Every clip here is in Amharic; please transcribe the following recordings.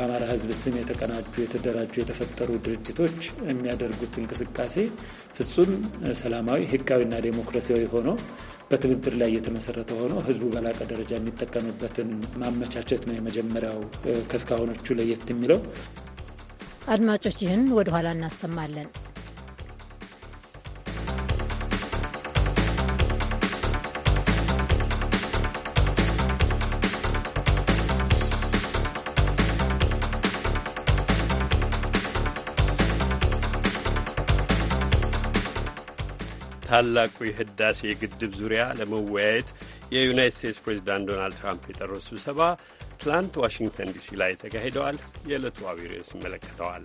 በአማራ ሕዝብ ስም የተቀናጁ የተደራጁ የተፈጠሩ ድርጅቶች የሚያደርጉት እንቅስቃሴ ፍጹም ሰላማዊ ህጋዊና ዴሞክራሲያዊ ሆኖ በትብብር ላይ የተመሰረተ ሆኖ ህዝቡ በላቀ ደረጃ የሚጠቀምበትን ማመቻቸት ነው የመጀመሪያው ከእስካሁኖቹ ለየት የሚለው። አድማጮች ይህን ወደ ኋላ እናሰማለን። በታላቁ የህዳሴ ግድብ ዙሪያ ለመወያየት የዩናይት ስቴትስ ፕሬዚዳንት ዶናልድ ትራምፕ የጠሩት ስብሰባ ትላንት ዋሽንግተን ዲሲ ላይ ተካሂደዋል። የዕለቱ አብሬስ ይመለከተዋል።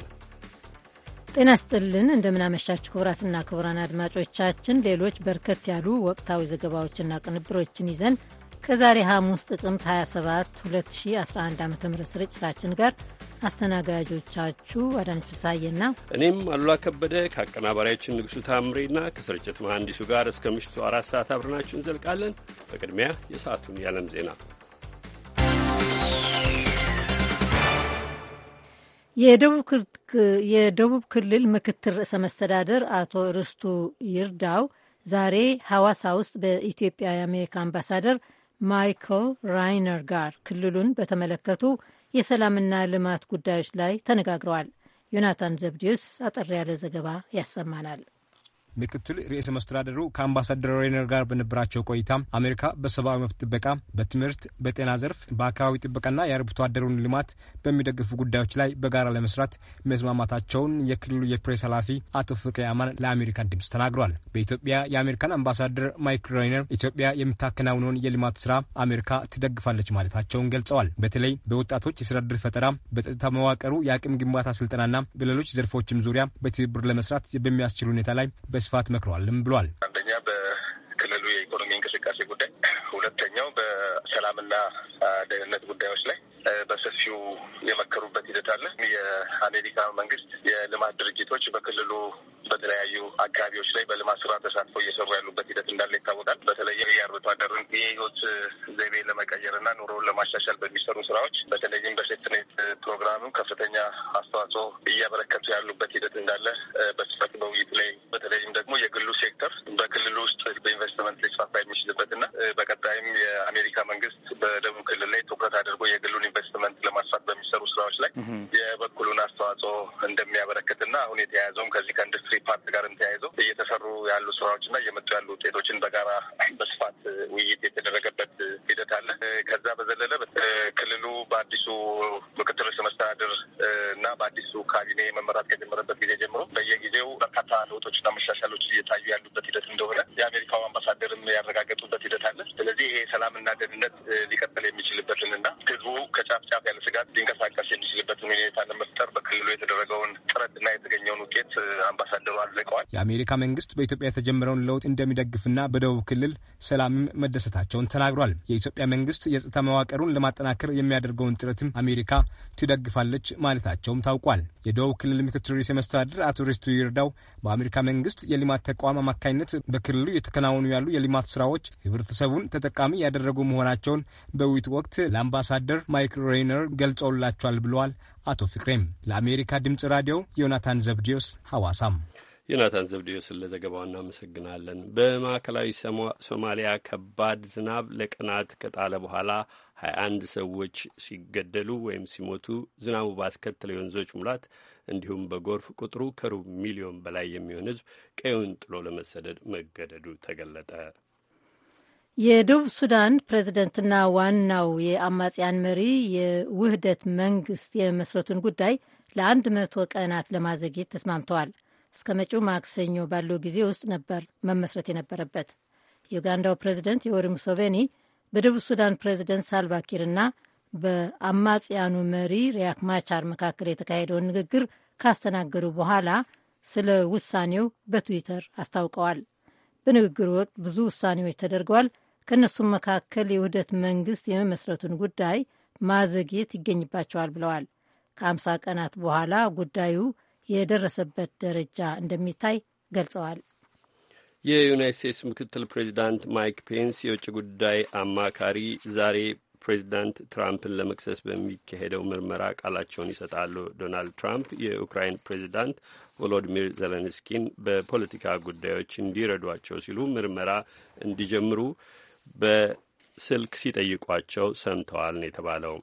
ጤና ስጥልን፣ እንደምናመሻችሁ ክቡራትና ክቡራን አድማጮቻችን ሌሎች በርከት ያሉ ወቅታዊ ዘገባዎችና ቅንብሮችን ይዘን ከዛሬ ሐሙስ ጥቅምት 27 2011 ዓ ም ስርጭታችን ጋር አስተናጋጆቻችሁ አዳነች ፍስሐዬና እኔም አሉላ ከበደ ከአቀናባሪያችን ንጉሱ ታምሬና ከስርጭት መሐንዲሱ ጋር እስከ ምሽቱ አራት ሰዓት አብረናችሁ እንዘልቃለን። በቅድሚያ የሰዓቱን የዓለም ዜና የደቡብ ክልል ምክትል ርዕሰ መስተዳደር አቶ ርስቱ ይርዳው ዛሬ ሐዋሳ ውስጥ በኢትዮጵያ የአሜሪካ አምባሳደር ማይክል ራይነር ጋር ክልሉን በተመለከቱ የሰላምና ልማት ጉዳዮች ላይ ተነጋግረዋል። ዮናታን ዘብዲዮስ አጠር ያለ ዘገባ ያሰማናል። ምክትል ርዕሰ መስተዳደሩ ከአምባሳደር ሬነር ጋር በነበራቸው ቆይታ አሜሪካ በሰብአዊ መብት ጥበቃ፣ በትምህርት፣ በጤና ዘርፍ፣ በአካባቢ ጥበቃና የአርብቶ አደሩን ልማት በሚደግፉ ጉዳዮች ላይ በጋራ ለመስራት መስማማታቸውን የክልሉ የፕሬስ ኃላፊ አቶ ፍቅሬ አማን ለአሜሪካን ድምፅ ተናግሯል። በኢትዮጵያ የአሜሪካን አምባሳደር ማይክ ሬነር ኢትዮጵያ የምታከናውነውን የልማት ስራ አሜሪካ ትደግፋለች ማለታቸውን ገልጸዋል። በተለይ በወጣቶች የስራ ፈጠራ፣ በጸጥታ መዋቅሩ የአቅም ግንባታ ስልጠናና በሌሎች ዘርፎችም ዙሪያ በትብብር ለመስራት በሚያስችል ሁኔታ ላይ በስፋት መክሯልም ብሏል። አንደኛ በክልሉ የኢኮኖሚ እንቅስቃሴ ጉዳይ፣ ሁለተኛው በሰላምና ደህንነት ጉዳዮች ላይ በሰፊው የመከሩበት ሂደት አለ። የአሜሪካ መንግስት የልማት ድርጅቶች በክልሉ በተለያዩ አካባቢዎች ላይ በልማት ስራ ተሳትፎ እየሰሩ ያሉበት ሂደት እንዳለ ይታወቃል። በተለየ የአርብቶ አደርን የህይወት ዘይቤ ለመቀየር እና ኑሮውን ለማሻሻል በሚሰሩ ስራዎች በተለይም በሴትኔት ፕሮግራሙ ከፍተኛ አስተዋጽኦ እያበረከቱ ያሉበት ሂደት እንዳለ በስፋት በውይይት ላይ በተለይም ደግሞ የግሉ ሴክተር በክልሉ ውስጥ በኢንቨስትመንት ሊስፋፋ የሚችልበት እና በቀጣይም የአሜሪካ መንግስት በደቡብ ክልል ላይ ትኩረት አድርጎ የግሉን ኢንቨስትመንት ለማስፋት በሚሰሩ ስራዎች ላይ የበኩሉን አስተዋጽኦ እንደሚያበረክትና አሁን የተያያዘውም ከዚህ ከኢንዱስትሪ ፓርት ጋር ተያይዘው እየተሰሩ ያሉ ስራዎችና እየመጡ ያሉ ውጤቶችን በጋራ በስፋት ውይይት የተደረገበት ሂደት አለ። ከዛ በዘለለ ክልሉ በአዲሱ ምክትል ርዕሰ መስተዳድር እና በአዲሱ ካቢኔ መመራት ከጀመረበት ጊዜ ጀምሮ በየጊዜው በርካታ ለውጦችና መሻሻሎች እየታዩ ያሉበት ሂደት እንደሆነ የአሜሪካው አምባሳደርም ያረጋገጡበት ሂደት አለ። ስለዚህ ይሄ ሰላምና ደህንነት ሊቀጥል የሚችልበትን እና ህዝቡ ከጫፍ ጫፍ ያለ ስጋት ሊንቀሳቀስ እና የተገኘውን ውጤት አምባሳደሩ አድንቀዋል። የአሜሪካ መንግስት በኢትዮጵያ የተጀመረውን ለውጥ እንደሚደግፍና በደቡብ ክልል ሰላምም መደሰታቸውን ተናግሯል። የኢትዮጵያ መንግስት የጸጥታ መዋቅሩን ለማጠናከር የሚያደርገውን ጥረትም አሜሪካ ትደግፋለች ማለታቸውም ታውቋል። የደቡብ ክልል ምክትል ርዕሰ መስተዳድር አቶ ሪስቱ ይርዳው በአሜሪካ መንግስት የልማት ተቋም አማካኝነት በክልሉ የተከናወኑ ያሉ የልማት ስራዎች ህብረተሰቡን ተጠቃሚ ያደረጉ መሆናቸውን በውይይት ወቅት ለአምባሳደር ማይክ ሬይነር ገልጸውላቸዋል ብለዋል። አቶ ፍቅሬም። ለአሜሪካ ድምፅ ራዲዮ ዮናታን ዘብዲዮስ ሐዋሳም። ዮናታን ዘብዴዎስን ለዘገባው እናመሰግናለን። በማዕከላዊ ሶማሊያ ከባድ ዝናብ ለቀናት ከጣለ በኋላ 21 ሰዎች ሲገደሉ ወይም ሲሞቱ ዝናቡ ባስከተለው የወንዞች ሙላት እንዲሁም በጎርፍ ቁጥሩ ከሩብ ሚሊዮን በላይ የሚሆን ሕዝብ ቀዩን ጥሎ ለመሰደድ መገደዱ ተገለጠ። የደቡብ ሱዳን ፕሬዝደንትና ዋናው የአማጽያን መሪ የውህደት መንግስት የመስረቱን ጉዳይ ለአንድ መቶ ቀናት ለማዘግየት ተስማምተዋል። እስከ መጪው ማክሰኞ ባለው ጊዜ ውስጥ ነበር መመስረት የነበረበት። የኡጋንዳው ፕሬዝደንት ዮዌሪ ሙሴቬኒ በደቡብ ሱዳን ፕሬዝደንት ሳልቫኪርና በአማጽያኑ መሪ ሪያክ ማቻር መካከል የተካሄደውን ንግግር ካስተናገዱ በኋላ ስለ ውሳኔው በትዊተር አስታውቀዋል። በንግግሩ ወቅት ብዙ ውሳኔዎች ተደርገዋል። ከእነሱም መካከል የውህደት መንግስት የመመስረቱን ጉዳይ ማዘግየት ይገኝባቸዋል ብለዋል። ከአምሳ ቀናት በኋላ ጉዳዩ የደረሰበት ደረጃ እንደሚታይ ገልጸዋል። የዩናይት ስቴትስ ምክትል ፕሬዚዳንት ማይክ ፔንስ የውጭ ጉዳይ አማካሪ ዛሬ ፕሬዚዳንት ትራምፕን ለመክሰስ በሚካሄደው ምርመራ ቃላቸውን ይሰጣሉ። ዶናልድ ትራምፕ የዩክራይን ፕሬዚዳንት ቮሎዲሚር ዘለንስኪን በፖለቲካ ጉዳዮች እንዲረዷቸው ሲሉ ምርመራ እንዲጀምሩ በስልክ ሲጠይቋቸው ሰምተዋል ነው የተባለው።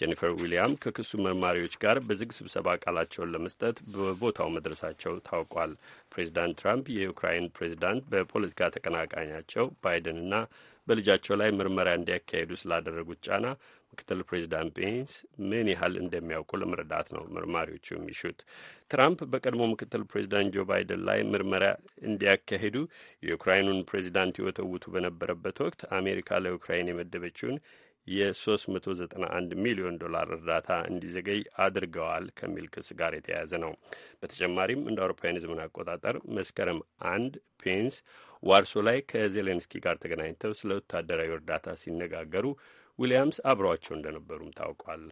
ጄኒፈር ዊሊያም ከክሱ መርማሪዎች ጋር በዝግ ስብሰባ ቃላቸውን ለመስጠት በቦታው መድረሳቸው ታውቋል። ፕሬዚዳንት ትራምፕ የዩክራይን ፕሬዚዳንት በፖለቲካ ተቀናቃኛቸው ባይደንና በልጃቸው ላይ ምርመራ እንዲያካሄዱ ስላደረጉት ጫና ምክትል ፕሬዚዳንት ፔንስ ምን ያህል እንደሚያውቁ ለመረዳት ነው መርማሪዎቹ የሚሹት። ትራምፕ በቀድሞ ምክትል ፕሬዚዳንት ጆ ባይደን ላይ ምርመራ እንዲያካሂዱ የዩክራይኑን ፕሬዚዳንት የወተውቱ በነበረበት ወቅት አሜሪካ ለዩክራይን የመደበችውን የ391 ሚሊዮን ዶላር እርዳታ እንዲዘገይ አድርገዋል ከሚል ክስ ጋር የተያያዘ ነው። በተጨማሪም እንደ አውሮፓውያን ዘመን አቆጣጠር መስከረም አንድ ፔንስ ዋርሶ ላይ ከዜሌንስኪ ጋር ተገናኝተው ስለ ወታደራዊ እርዳታ ሲነጋገሩ ዊሊያምስ አብረዋቸው እንደነበሩም ታውቋል።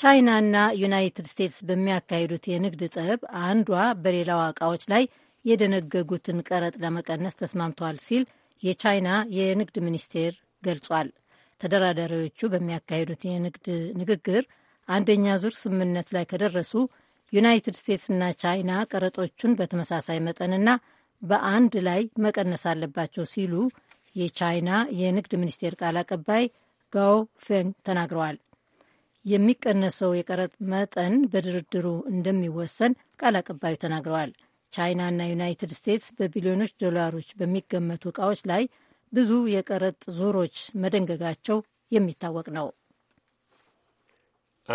ቻይናና ዩናይትድ ስቴትስ በሚያካሂዱት የንግድ ጠብ አንዷ በሌላዋ እቃዎች ላይ የደነገጉትን ቀረጥ ለመቀነስ ተስማምተዋል ሲል የቻይና የንግድ ሚኒስቴር ገልጿል። ተደራዳሪዎቹ በሚያካሂዱት የንግድ ንግግር አንደኛ ዙር ስምምነት ላይ ከደረሱ ዩናይትድ ስቴትስና ቻይና ቀረጦቹን በተመሳሳይ መጠንና በአንድ ላይ መቀነስ አለባቸው ሲሉ የቻይና የንግድ ሚኒስቴር ቃል አቀባይ ጋው ፌንግ ተናግረዋል። የሚቀነሰው የቀረጥ መጠን በድርድሩ እንደሚወሰን ቃል አቀባዩ ተናግረዋል። ቻይናና ዩናይትድ ስቴትስ በቢሊዮኖች ዶላሮች በሚገመቱ እቃዎች ላይ ብዙ የቀረጥ ዞሮች መደንገጋቸው የሚታወቅ ነው።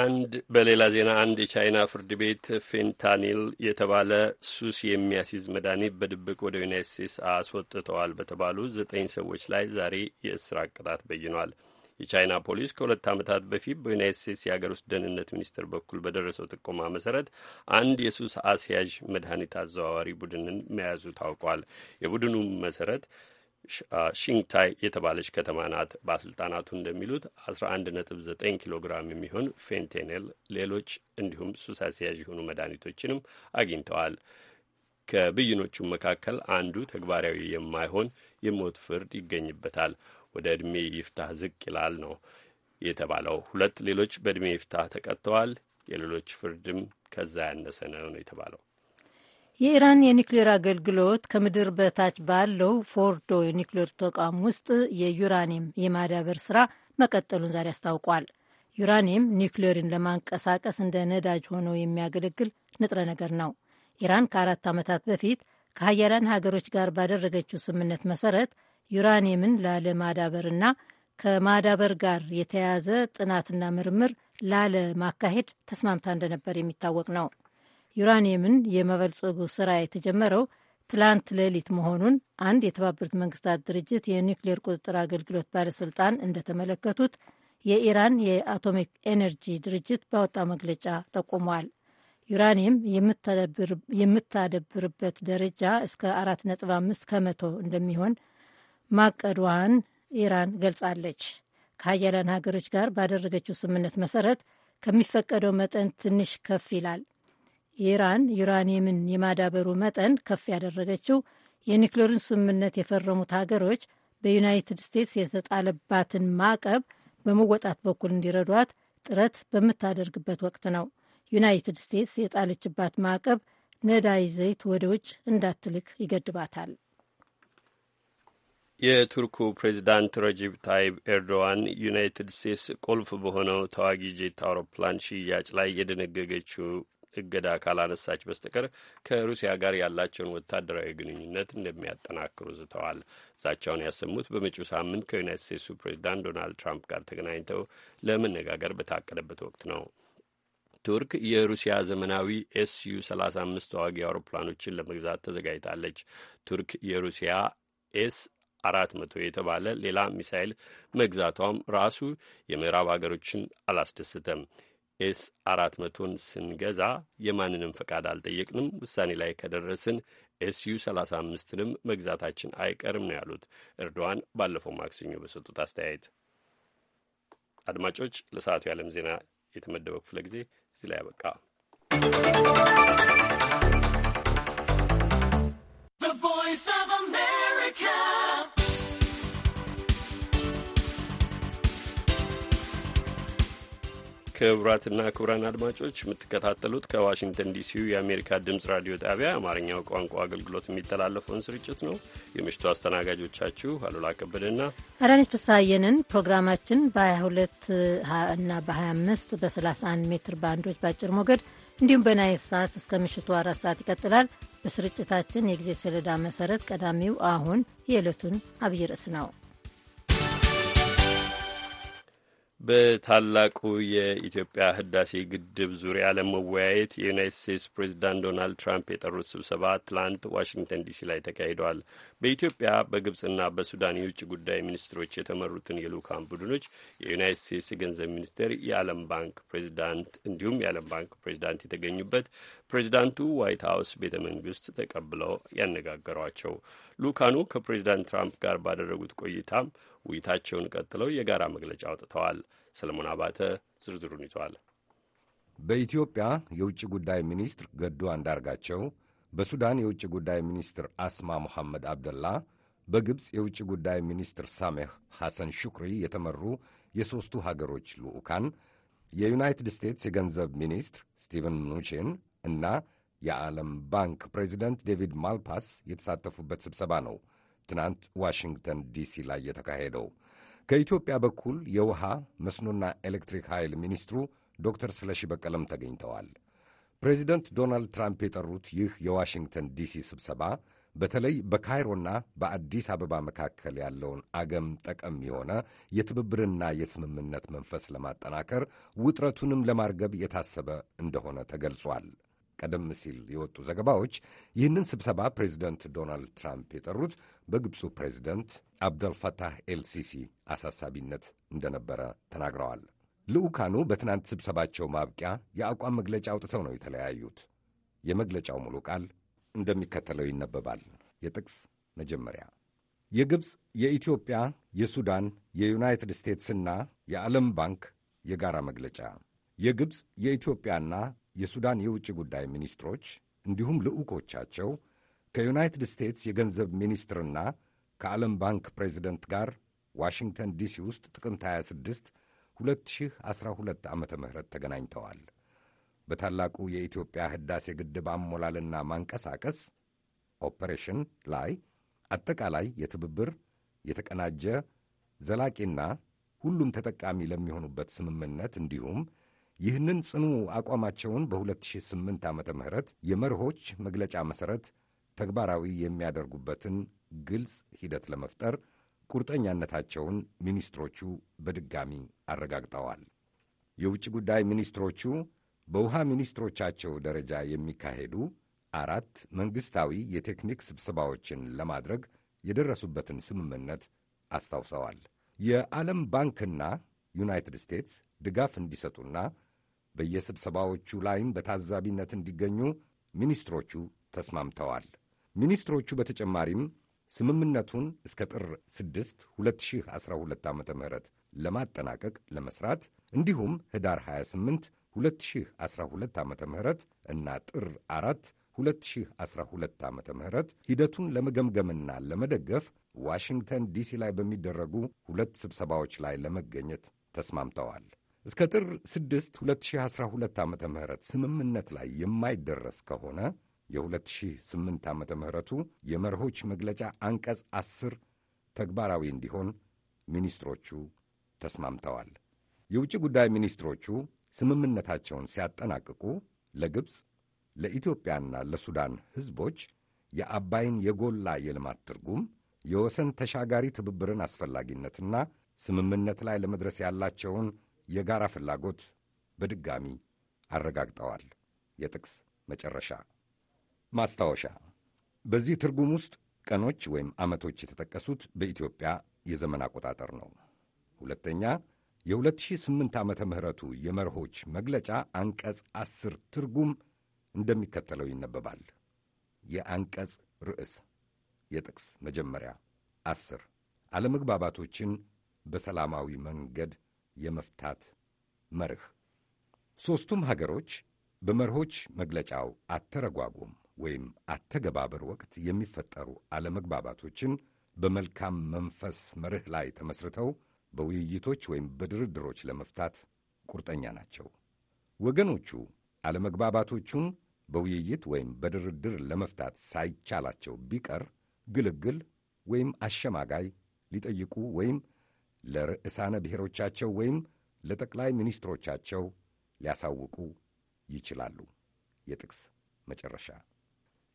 አንድ በሌላ ዜና አንድ የቻይና ፍርድ ቤት ፌንታኒል የተባለ ሱስ የሚያስይዝ መድኃኒት በድብቅ ወደ ዩናይት ስቴትስ አስወጥተዋል በተባሉ ዘጠኝ ሰዎች ላይ ዛሬ የእስራት ቅጣት በይኗል። የቻይና ፖሊስ ከሁለት ዓመታት በፊት በዩናይት ስቴትስ የአገር ውስጥ ደህንነት ሚኒስቴር በኩል በደረሰው ጥቆማ መሰረት አንድ የሱስ አስያዥ መድኃኒት አዘዋዋሪ ቡድንን መያዙ ታውቋል። የቡድኑ መሰረት ሺንግታይ የተባለች ከተማ ናት። ባለስልጣናቱ እንደሚሉት 11.9 ኪሎ ግራም የሚሆን ፌንቴኔል፣ ሌሎች እንዲሁም ሱስ አስያዥ የሆኑ መድኃኒቶችንም አግኝተዋል። ከብይኖቹም መካከል አንዱ ተግባራዊ የማይሆን የሞት ፍርድ ይገኝበታል። ወደ እድሜ ይፍታህ ዝቅ ይላል ነው የተባለው። ሁለት ሌሎች በእድሜ ይፍታህ ተቀጥተዋል። የሌሎች ፍርድም ከዛ ያነሰ ነው ነው የተባለው። የኢራን የኒክሌር አገልግሎት ከምድር በታች ባለው ፎርዶ የኒክሌር ተቋም ውስጥ የዩራኒየም የማዳበር ስራ መቀጠሉን ዛሬ አስታውቋል። ዩራኒየም ኒክሌርን ለማንቀሳቀስ እንደ ነዳጅ ሆኖ የሚያገለግል ንጥረ ነገር ነው። ኢራን ከአራት ዓመታት በፊት ከሀያላን ሀገሮች ጋር ባደረገችው ስምምነት መሰረት ዩራኒየምን ላለማዳበርና ከማዳበር ጋር የተያያዘ ጥናትና ምርምር ላለማካሄድ ተስማምታ እንደነበር የሚታወቅ ነው። ዩራኒየምን የመበልጸጉ ስራ የተጀመረው ትላንት ሌሊት መሆኑን አንድ የተባበሩት መንግስታት ድርጅት የኒውክሌር ቁጥጥር አገልግሎት ባለስልጣን እንደተመለከቱት የኢራን የአቶሚክ ኤነርጂ ድርጅት ባወጣው መግለጫ ጠቁሟል። ዩራኒየም የምታደብርበት ደረጃ እስከ 4.5 ከመቶ እንደሚሆን ማቀዷን ኢራን ገልጻለች። ከሀያላን ሀገሮች ጋር ባደረገችው ስምምነት መሰረት ከሚፈቀደው መጠን ትንሽ ከፍ ይላል። ኢራን ዩራኒየምን የማዳበሩ መጠን ከፍ ያደረገችው የኒክሌርን ስምምነት የፈረሙት ሀገሮች በዩናይትድ ስቴትስ የተጣለባትን ማዕቀብ በመወጣት በኩል እንዲረዷት ጥረት በምታደርግበት ወቅት ነው። ዩናይትድ ስቴትስ የጣለችባት ማዕቀብ ነዳጅ ዘይት ወደ ውጭ እንዳትልክ ይገድባታል። የቱርኩ ፕሬዚዳንት ረጀብ ታይብ ኤርዶዋን ዩናይትድ ስቴትስ ቁልፍ በሆነው ተዋጊ ጄት አውሮፕላን ሽያጭ ላይ የደነገገችው እገዳ ካላነሳች በስተቀር ከሩሲያ ጋር ያላቸውን ወታደራዊ ግንኙነት እንደሚያጠናክሩ ዝተዋል። ዛቻውን ያሰሙት በመጪው ሳምንት ከዩናይት ስቴትሱ ፕሬዚዳንት ዶናልድ ትራምፕ ጋር ተገናኝተው ለመነጋገር በታቀደበት ወቅት ነው። ቱርክ የሩሲያ ዘመናዊ ኤስዩ 35 ተዋጊ አውሮፕላኖችን ለመግዛት ተዘጋጅታለች። ቱርክ የሩሲያ ኤስ አራት መቶ የተባለ ሌላ ሚሳይል መግዛቷም ራሱ የምዕራብ አገሮችን አላስደስተም። ኤስ አራት መቶን ስንገዛ የማንንም ፈቃድ አልጠየቅንም። ውሳኔ ላይ ከደረስን ኤስዩ 35ንም መግዛታችን አይቀርም ነው ያሉት ኤርዶዋን ባለፈው ማክሰኞ በሰጡት አስተያየት። አድማጮች፣ ለሰዓቱ የዓለም ዜና የተመደበው ክፍለ ጊዜ እዚህ ላይ ያበቃ። ክቡራትና ክቡራን አድማጮች የምትከታተሉት ከዋሽንግተን ዲሲው የአሜሪካ ድምጽ ራዲዮ ጣቢያ የአማርኛው ቋንቋ አገልግሎት የሚተላለፈውን ስርጭት ነው። የምሽቱ አስተናጋጆቻችሁ አሉላ ከበደና አዳነች ፍስሐየንን። ፕሮግራማችን በ22 እና በ25 በ31 ሜትር ባንዶች በአጭር ሞገድ እንዲሁም በናይል ሰዓት እስከ ምሽቱ አራት ሰዓት ይቀጥላል። በስርጭታችን የጊዜ ሰሌዳ መሰረት ቀዳሚው አሁን የዕለቱን አብይ ርዕስ ነው። በታላቁ የኢትዮጵያ ህዳሴ ግድብ ዙሪያ ለመወያየት የዩናይት ስቴትስ ፕሬዚዳንት ዶናልድ ትራምፕ የጠሩት ስብሰባ ትላንት ዋሽንግተን ዲሲ ላይ ተካሂደዋል። በኢትዮጵያ በግብጽና በሱዳን የውጭ ጉዳይ ሚኒስትሮች የተመሩትን የልኡካን ቡድኖች የዩናይት ስቴትስ የገንዘብ ሚኒስቴር፣ የዓለም ባንክ ፕሬዚዳንት እንዲሁም የዓለም ባንክ ፕሬዚዳንት የተገኙበት ፕሬዚዳንቱ ዋይት ሀውስ ቤተ መንግስት ተቀብለው ያነጋገሯቸው ልኡካኑ ከፕሬዚዳንት ትራምፕ ጋር ባደረጉት ቆይታም ውይይታቸውን ቀጥለው የጋራ መግለጫ አውጥተዋል። ሰለሞን አባተ ዝርዝሩን ይዟል። በኢትዮጵያ የውጭ ጉዳይ ሚኒስትር ገዱ አንዳርጋቸው፣ በሱዳን የውጭ ጉዳይ ሚኒስትር አስማ መሐመድ አብደላ፣ በግብፅ የውጭ ጉዳይ ሚኒስትር ሳሜህ ሐሰን ሹክሪ የተመሩ የሦስቱ ሀገሮች ልዑካን የዩናይትድ ስቴትስ የገንዘብ ሚኒስትር ስቲቨን ምኑቺን እና የዓለም ባንክ ፕሬዚደንት ዴቪድ ማልፓስ የተሳተፉበት ስብሰባ ነው። ትናንት ዋሽንግተን ዲሲ ላይ የተካሄደው። ከኢትዮጵያ በኩል የውሃ መስኖና ኤሌክትሪክ ኃይል ሚኒስትሩ ዶክተር ስለሺ በቀለም ተገኝተዋል። ፕሬዚደንት ዶናልድ ትራምፕ የጠሩት ይህ የዋሽንግተን ዲሲ ስብሰባ በተለይ በካይሮና በአዲስ አበባ መካከል ያለውን አገም ጠቀም የሆነ የትብብርና የስምምነት መንፈስ ለማጠናከር ውጥረቱንም ለማርገብ የታሰበ እንደሆነ ተገልጿል። ቀደም ሲል የወጡ ዘገባዎች ይህንን ስብሰባ ፕሬዚደንት ዶናልድ ትራምፕ የጠሩት በግብፁ ፕሬዚደንት አብደልፈታህ ኤልሲሲ አሳሳቢነት እንደነበረ ተናግረዋል። ልዑካኑ በትናንት ስብሰባቸው ማብቂያ የአቋም መግለጫ አውጥተው ነው የተለያዩት። የመግለጫው ሙሉ ቃል እንደሚከተለው ይነበባል። የጥቅስ መጀመሪያ የግብፅ የኢትዮጵያ፣ የሱዳን፣ የዩናይትድ ስቴትስና የዓለም ባንክ የጋራ መግለጫ የግብፅ የኢትዮጵያና የሱዳን የውጭ ጉዳይ ሚኒስትሮች እንዲሁም ልዑኮቻቸው ከዩናይትድ ስቴትስ የገንዘብ ሚኒስትርና ከዓለም ባንክ ፕሬዚደንት ጋር ዋሽንግተን ዲሲ ውስጥ ጥቅምት 26 2012 ዓ ም ተገናኝተዋል። በታላቁ የኢትዮጵያ ህዳሴ ግድብ አሞላልና ማንቀሳቀስ ኦፐሬሽን ላይ አጠቃላይ የትብብር የተቀናጀ ዘላቂና ሁሉም ተጠቃሚ ለሚሆኑበት ስምምነት እንዲሁም ይህንን ጽኑ አቋማቸውን በ2008 ዓ. ምህረት የመርሆች መግለጫ መሠረት ተግባራዊ የሚያደርጉበትን ግልጽ ሂደት ለመፍጠር ቁርጠኛነታቸውን ሚኒስትሮቹ በድጋሚ አረጋግጠዋል። የውጭ ጉዳይ ሚኒስትሮቹ በውሃ ሚኒስትሮቻቸው ደረጃ የሚካሄዱ አራት መንግሥታዊ የቴክኒክ ስብሰባዎችን ለማድረግ የደረሱበትን ስምምነት አስታውሰዋል። የዓለም ባንክና ዩናይትድ ስቴትስ ድጋፍ እንዲሰጡና በየስብሰባዎቹ ላይም በታዛቢነት እንዲገኙ ሚኒስትሮቹ ተስማምተዋል። ሚኒስትሮቹ በተጨማሪም ስምምነቱን እስከ ጥር 6 2012 ዓ ም ለማጠናቀቅ ለመስራት እንዲሁም ህዳር 28 2012 ዓ ም እና ጥር 4 2012 ዓ ም ሂደቱን ለመገምገምና ለመደገፍ ዋሽንግተን ዲሲ ላይ በሚደረጉ ሁለት ስብሰባዎች ላይ ለመገኘት ተስማምተዋል። እስከ ጥር 6 2012 ዓ ም ስምምነት ላይ የማይደረስ ከሆነ የ2008 ዓ ምቱ የመርሆች መግለጫ አንቀጽ 10 ተግባራዊ እንዲሆን ሚኒስትሮቹ ተስማምተዋል። የውጭ ጉዳይ ሚኒስትሮቹ ስምምነታቸውን ሲያጠናቅቁ ለግብፅ ለኢትዮጵያና ለሱዳን ሕዝቦች የአባይን የጎላ የልማት ትርጉም፣ የወሰን ተሻጋሪ ትብብርን አስፈላጊነትና ስምምነት ላይ ለመድረስ ያላቸውን የጋራ ፍላጎት በድጋሚ አረጋግጠዋል። የጥቅስ መጨረሻ ማስታወሻ። በዚህ ትርጉም ውስጥ ቀኖች ወይም ዓመቶች የተጠቀሱት በኢትዮጵያ የዘመን አቆጣጠር ነው። ሁለተኛ የ2008 ዓመተ ምሕረቱ የመርሆች መግለጫ አንቀጽ ዐሥር ትርጉም እንደሚከተለው ይነበባል። የአንቀጽ ርዕስ የጥቅስ መጀመሪያ ዐሥር አለመግባባቶችን በሰላማዊ መንገድ የመፍታት መርህ ሦስቱም ሀገሮች በመርሆች መግለጫው አተረጓጎም ወይም አተገባበር ወቅት የሚፈጠሩ አለመግባባቶችን በመልካም መንፈስ መርህ ላይ ተመስርተው በውይይቶች ወይም በድርድሮች ለመፍታት ቁርጠኛ ናቸው። ወገኖቹ አለመግባባቶቹን በውይይት ወይም በድርድር ለመፍታት ሳይቻላቸው ቢቀር ግልግል ወይም አሸማጋይ ሊጠይቁ ወይም ለርዕሳነ ብሔሮቻቸው ወይም ለጠቅላይ ሚኒስትሮቻቸው ሊያሳውቁ ይችላሉ። የጥቅስ መጨረሻ።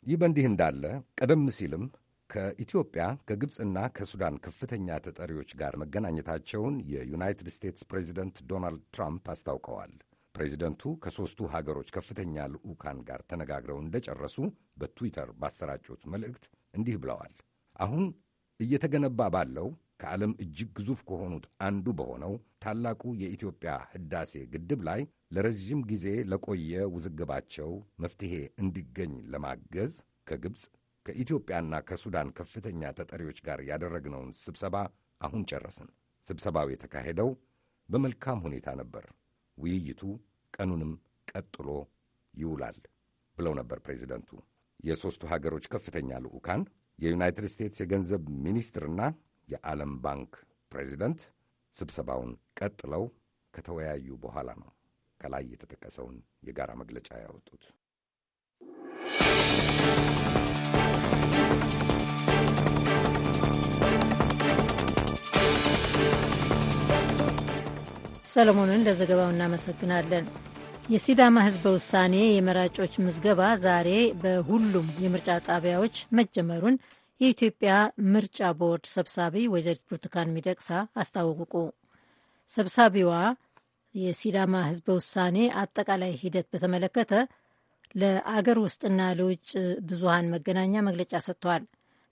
ይህ በእንዲህ እንዳለ ቀደም ሲልም ከኢትዮጵያ ከግብፅና ከሱዳን ከፍተኛ ተጠሪዎች ጋር መገናኘታቸውን የዩናይትድ ስቴትስ ፕሬዚደንት ዶናልድ ትራምፕ አስታውቀዋል። ፕሬዚደንቱ ከሦስቱ ሀገሮች ከፍተኛ ልዑካን ጋር ተነጋግረው እንደጨረሱ በትዊተር ባሰራጩት መልእክት እንዲህ ብለዋል። አሁን እየተገነባ ባለው ከዓለም እጅግ ግዙፍ ከሆኑት አንዱ በሆነው ታላቁ የኢትዮጵያ ሕዳሴ ግድብ ላይ ለረዥም ጊዜ ለቆየ ውዝግባቸው መፍትሔ እንዲገኝ ለማገዝ ከግብፅ ከኢትዮጵያና ከሱዳን ከፍተኛ ተጠሪዎች ጋር ያደረግነውን ስብሰባ አሁን ጨረስን። ስብሰባው የተካሄደው በመልካም ሁኔታ ነበር። ውይይቱ ቀኑንም ቀጥሎ ይውላል ብለው ነበር ፕሬዚደንቱ። የሦስቱ ሀገሮች ከፍተኛ ልዑካን፣ የዩናይትድ ስቴትስ የገንዘብ ሚኒስትርና የዓለም ባንክ ፕሬዚደንት ስብሰባውን ቀጥለው ከተወያዩ በኋላ ነው ከላይ የተጠቀሰውን የጋራ መግለጫ ያወጡት። ሰለሞንን ለዘገባው እናመሰግናለን። የሲዳማ ህዝበ ውሳኔ የመራጮች ምዝገባ ዛሬ በሁሉም የምርጫ ጣቢያዎች መጀመሩን የኢትዮጵያ ምርጫ ቦርድ ሰብሳቢ ወይዘሪት ብርቱካን ሚደቅሳ አስታወቁ። ሰብሳቢዋ የሲዳማ ህዝበ ውሳኔ አጠቃላይ ሂደት በተመለከተ ለአገር ውስጥና ለውጭ ብዙሃን መገናኛ መግለጫ ሰጥተዋል።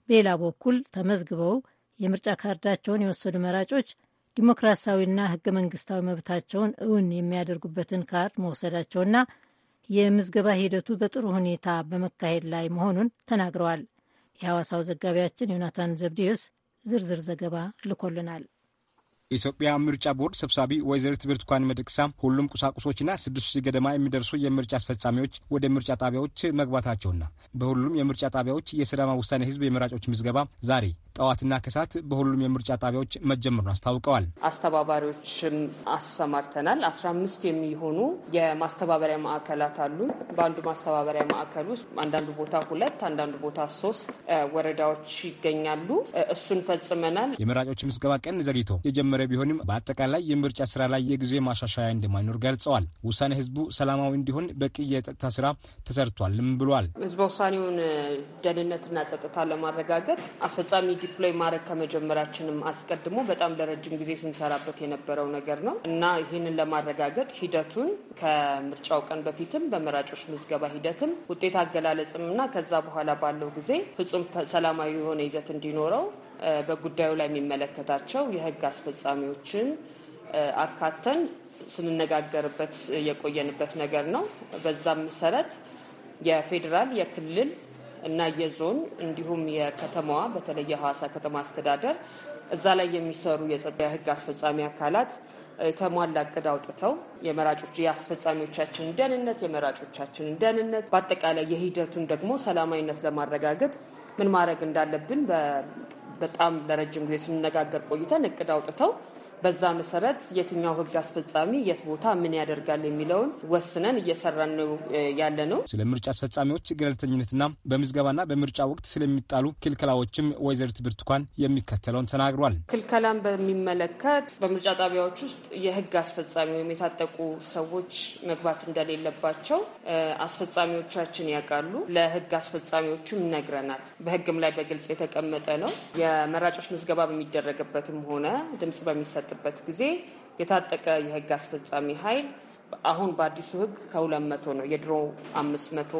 በሌላ በኩል ተመዝግበው የምርጫ ካርዳቸውን የወሰዱ መራጮች ዲሞክራሲያዊና ህገ መንግስታዊ መብታቸውን እውን የሚያደርጉበትን ካርድ መውሰዳቸውና የምዝገባ ሂደቱ በጥሩ ሁኔታ በመካሄድ ላይ መሆኑን ተናግረዋል። የሐዋሳው ዘጋቢያችን ዮናታን ዘብዲዮስ ዝርዝር ዘገባ ልኮልናል። የኢትዮጵያ ምርጫ ቦርድ ሰብሳቢ ወይዘሪት ብርቱካን ሚደቅሳ ሁሉም ቁሳቁሶችና ስድስት ሺህ ገደማ የሚደርሱ የምርጫ አስፈጻሚዎች ወደ ምርጫ ጣቢያዎች መግባታቸውና በሁሉም የምርጫ ጣቢያዎች የሰላማ ውሳኔ ህዝብ የመራጮች ምዝገባ ዛሬ ጠዋትና ከሰዓት በሁሉም የምርጫ ጣቢያዎች መጀመሩን አስታውቀዋል። አስተባባሪዎችም አሰማርተናል። አስራ አምስት የሚሆኑ የማስተባበሪያ ማዕከላት አሉ። በአንዱ ማስተባበሪያ ማዕከል ውስጥ አንዳንዱ ቦታ ሁለት፣ አንዳንዱ ቦታ ሶስት ወረዳዎች ይገኛሉ። እሱን ፈጽመናል። የመራጮች ምዝገባ ቀን ዘግይቶ የጀመረ ቢሆንም በአጠቃላይ የምርጫ ስራ ላይ የጊዜ ማሻሻያ እንደማይኖር ገልጸዋል። ውሳኔ ህዝቡ ሰላማዊ እንዲሆን በቂ የጸጥታ ስራ ተሰርቷልም ብሏል። ህዝበ ውሳኔውን ደህንነትና ጸጥታ ለማረጋገጥ አስፈጻሚ ዲፕሎይ ማድረግ ከመጀመራችንም አስቀድሞ በጣም ለረጅም ጊዜ ስንሰራበት የነበረው ነገር ነው እና ይህንን ለማረጋገጥ ሂደቱን ከምርጫው ቀን በፊትም በመራጮች ምዝገባ ሂደትም ውጤት አገላለጽም እና ከዛ በኋላ ባለው ጊዜ ፍጹም ሰላማዊ የሆነ ይዘት እንዲኖረው በጉዳዩ ላይ የሚመለከታቸው የህግ አስፈጻሚዎችን አካተን ስንነጋገርበት የቆየንበት ነገር ነው። በዛም መሰረት የፌዴራል የክልል እና የዞን እንዲሁም የከተማዋ በተለይ የሐዋሳ ከተማ አስተዳደር እዛ ላይ የሚሰሩ የጸጥታ ህግ አስፈጻሚ አካላት የተሟላ እቅድ አውጥተው የመራጮች የአስፈጻሚዎቻችንን ደህንነት የመራጮቻችንን ደህንነት በአጠቃላይ የሂደቱን ደግሞ ሰላማዊነት ለማረጋገጥ ምን ማድረግ እንዳለብን በጣም ለረጅም ጊዜ ስንነጋገር ቆይተን እቅድ አውጥተው በዛ መሰረት የትኛው ህግ አስፈጻሚ የት ቦታ ምን ያደርጋል የሚለውን ወስነን እየሰራን ነው ያለ ነው። ስለ ምርጫ አስፈጻሚዎች ገለልተኝነትና በምዝገባና በምርጫ ወቅት ስለሚጣሉ ክልከላዎችም ወይዘሪት ብርቱካን የሚከተለውን ተናግሯል። ክልከላን በሚመለከት በምርጫ ጣቢያዎች ውስጥ የህግ አስፈጻሚ ወይም የታጠቁ ሰዎች መግባት እንደሌለባቸው አስፈጻሚዎቻችን ያውቃሉ። ለህግ አስፈጻሚዎቹም ነግረናል። በህግም ላይ በግልጽ የተቀመጠ ነው። የመራጮች ምዝገባ በሚደረግበትም ሆነ ድምጽ በሚሰጥ በሚሰጥበት ጊዜ የታጠቀ የህግ አስፈጻሚ ኃይል አሁን በአዲሱ ህግ ከሁለት መቶ ነው የድሮ አምስት መቶ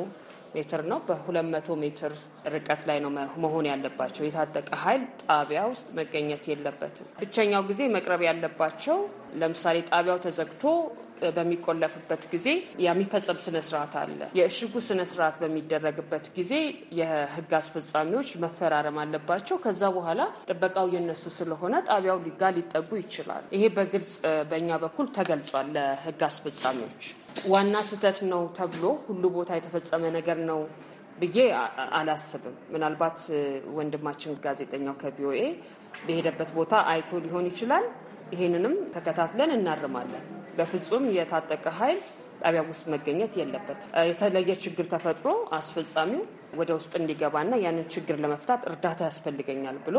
ሜትር ነው። በሁለት መቶ ሜትር ርቀት ላይ ነው መሆን ያለባቸው። የታጠቀ ኃይል ጣቢያ ውስጥ መገኘት የለበትም። ብቸኛው ጊዜ መቅረብ ያለባቸው ለምሳሌ ጣቢያው ተዘግቶ በሚቆለፍበት ጊዜ የሚፈጸም ስነስርዓት አለ። የእሽጉ ስነስርዓት በሚደረግበት ጊዜ የህግ አስፈጻሚዎች መፈራረም አለባቸው። ከዛ በኋላ ጥበቃው የነሱ ስለሆነ ጣቢያው ሊጋ ሊጠጉ ይችላል። ይሄ በግልጽ በእኛ በኩል ተገልጿል ለህግ አስፈጻሚዎች። ዋና ስህተት ነው ተብሎ ሁሉ ቦታ የተፈጸመ ነገር ነው ብዬ አላስብም። ምናልባት ወንድማችን ጋዜጠኛው ከቪኦኤ በሄደበት ቦታ አይቶ ሊሆን ይችላል። ይሄንንም ተከታትለን እናርማለን። በፍጹም የታጠቀ ኃይል ጣቢያ ውስጥ መገኘት የለበት። የተለየ ችግር ተፈጥሮ አስፈጻሚው ወደ ውስጥ እንዲገባና ያንን ችግር ለመፍታት እርዳታ ያስፈልገኛል ብሎ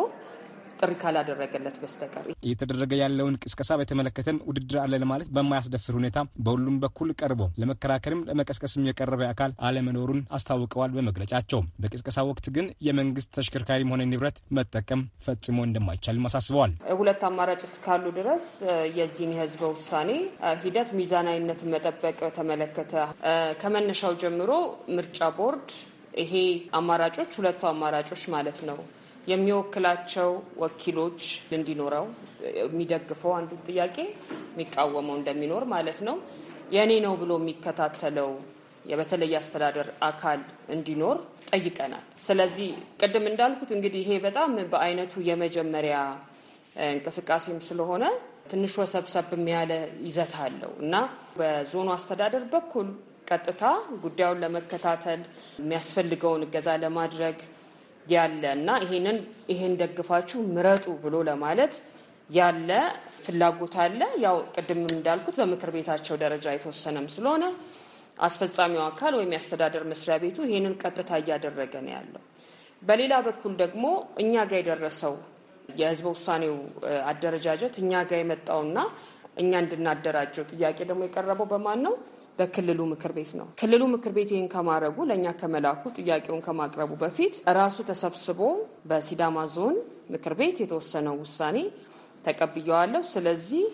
ጥሪ ካላደረገለት በስተቀር እየተደረገ ያለውን ቅስቀሳ በተመለከተም ውድድር አለ ለማለት በማያስደፍር ሁኔታ በሁሉም በኩል ቀርቦ ለመከራከርም ለመቀስቀስም የቀረበ አካል አለመኖሩን አስታውቀዋል። በመግለጫቸው በቅስቀሳ ወቅት ግን የመንግስት ተሽከርካሪም ሆነ ንብረት መጠቀም ፈጽሞ እንደማይቻልም አሳስበዋል። ሁለት አማራጭ እስካሉ ድረስ የዚህን የህዝበ ውሳኔ ሂደት ሚዛናዊነት መጠበቅ በተመለከተ ከመነሻው ጀምሮ ምርጫ ቦርድ ይሄ አማራጮች ሁለቱ አማራጮች ማለት ነው የሚወክላቸው ወኪሎች እንዲኖረው የሚደግፈው አንዱ ጥያቄ የሚቃወመው እንደሚኖር ማለት ነው። የእኔ ነው ብሎ የሚከታተለው የበተለየ አስተዳደር አካል እንዲኖር ጠይቀናል። ስለዚህ ቅድም እንዳልኩት እንግዲህ ይሄ በጣም በአይነቱ የመጀመሪያ እንቅስቃሴም ስለሆነ ትንሽ ወሰብሰብ ያለ ይዘት አለው እና በዞኑ አስተዳደር በኩል ቀጥታ ጉዳዩን ለመከታተል የሚያስፈልገውን እገዛ ለማድረግ ያለ እና ይሄንን ይሄን ደግፋችሁ ምረጡ ብሎ ለማለት ያለ ፍላጎት አለ። ያው ቅድም እንዳልኩት በምክር ቤታቸው ደረጃ የተወሰነም ስለሆነ አስፈጻሚው አካል ወይም የአስተዳደር መስሪያ ቤቱ ይህንን ቀጥታ እያደረገ ነው ያለው። በሌላ በኩል ደግሞ እኛ ጋር የደረሰው የህዝበ ውሳኔው አደረጃጀት እኛ ጋር የመጣውና እኛ እንድናደራጀው ጥያቄ ደግሞ የቀረበው በማን ነው? በክልሉ ምክር ቤት ነው። ክልሉ ምክር ቤት ይህን ከማድረጉ ለእኛ ከመላኩ ጥያቄውን ከማቅረቡ በፊት ራሱ ተሰብስቦ በሲዳማ ዞን ምክር ቤት የተወሰነው ውሳኔ ተቀብየዋለሁ። ስለዚህ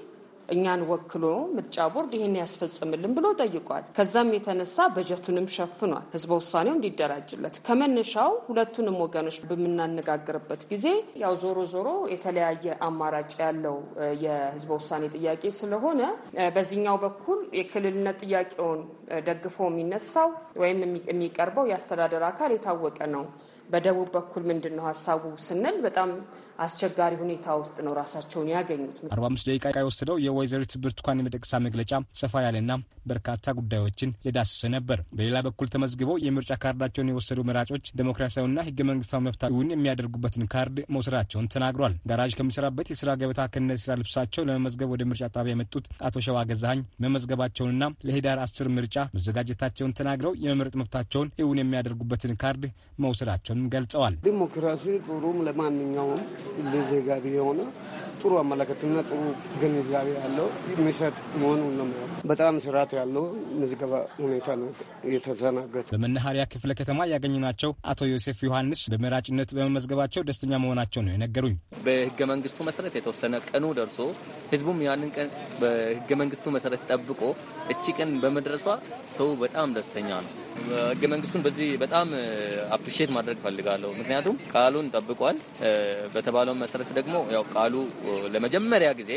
እኛን ወክሎ ምርጫ ቦርድ ይህን ያስፈጽምልን ብሎ ጠይቋል። ከዛም የተነሳ በጀቱንም ሸፍኗል። ህዝበ ውሳኔው እንዲደራጅለት ከመነሻው ሁለቱንም ወገኖች በምናነጋግርበት ጊዜ ያው ዞሮ ዞሮ የተለያየ አማራጭ ያለው የህዝበ ውሳኔ ጥያቄ ስለሆነ በዚህኛው በኩል የክልልነት ጥያቄውን ደግፎ የሚነሳው ወይም የሚቀርበው የአስተዳደር አካል የታወቀ ነው። በደቡብ በኩል ምንድን ነው ሀሳቡ ስንል በጣም አስቸጋሪ ሁኔታ ውስጥ ነው ራሳቸውን ያገኙት። አርባ አምስት ደቂቃ የወሰደው ወይዘሪት ብርቱካን የሚደቅሳ መግለጫ ሰፋ ያለና በርካታ ጉዳዮችን የዳሰሰ ነበር። በሌላ በኩል ተመዝግበው የምርጫ ካርዳቸውን የወሰዱ መራጮች ዴሞክራሲያዊና ህገ መንግስታዊ መብታቸውን የሚያደርጉበትን ካርድ መውሰዳቸውን ተናግሯል። ጋራጅ ከሚሰራበት የስራ ገበታ ከነ ስራ ልብሳቸው ለመመዝገብ ወደ ምርጫ ጣቢያ የመጡት አቶ ሸዋ ገዛሀኝ መመዝገባቸውንና ለህዳር አስር ምርጫ መዘጋጀታቸውን ተናግረው የመምረጥ መብታቸውን እውን የሚያደርጉበትን ካርድ መውሰዳቸውን ገልጸዋል። ዲሞክራሲ ጥሩም ለማንኛውም ዜጋ የሆነ ጥሩ አመለከትና ጥሩ ግንዛቤ ያለው የሚሰጥ መሆኑን ነው። በጣም ስርዓት ያለው ምዝገባ ሁኔታ ነው የተዘናገቱ። በመናኸሪያ ክፍለ ከተማ ያገኘናቸው አቶ ዮሴፍ ዮሐንስ በመራጭነት በመመዝገባቸው ደስተኛ መሆናቸው ነው የነገሩኝ። በህገ መንግስቱ መሰረት የተወሰነ ቀኑ ደርሶ ህዝቡም ያንን ቀን በህገ መንግስቱ መሰረት ጠብቆ እቺ ቀን በመድረሷ ሰው በጣም ደስተኛ ነው። ህገ መንግስቱን በዚህ በጣም አፕሪሼት ማድረግ ፈልጋለሁ። ምክንያቱም ቃሉን ጠብቋል። በተባለው መሰረት ደግሞ ያው ቃሉ ለመጀመሪያ ጊዜ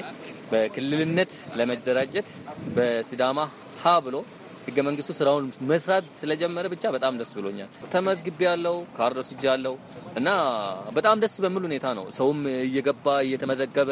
በክልልነት ለመደራጀት በሲዳማ ሀ ብሎ ህገ መንግስቱ ስራውን መስራት ስለጀመረ ብቻ በጣም ደስ ብሎኛል። ተመዝግቤ ያለው ካርድ ወስጄ ያለው እና በጣም ደስ በሚል ሁኔታ ነው ሰውም እየገባ እየተመዘገበ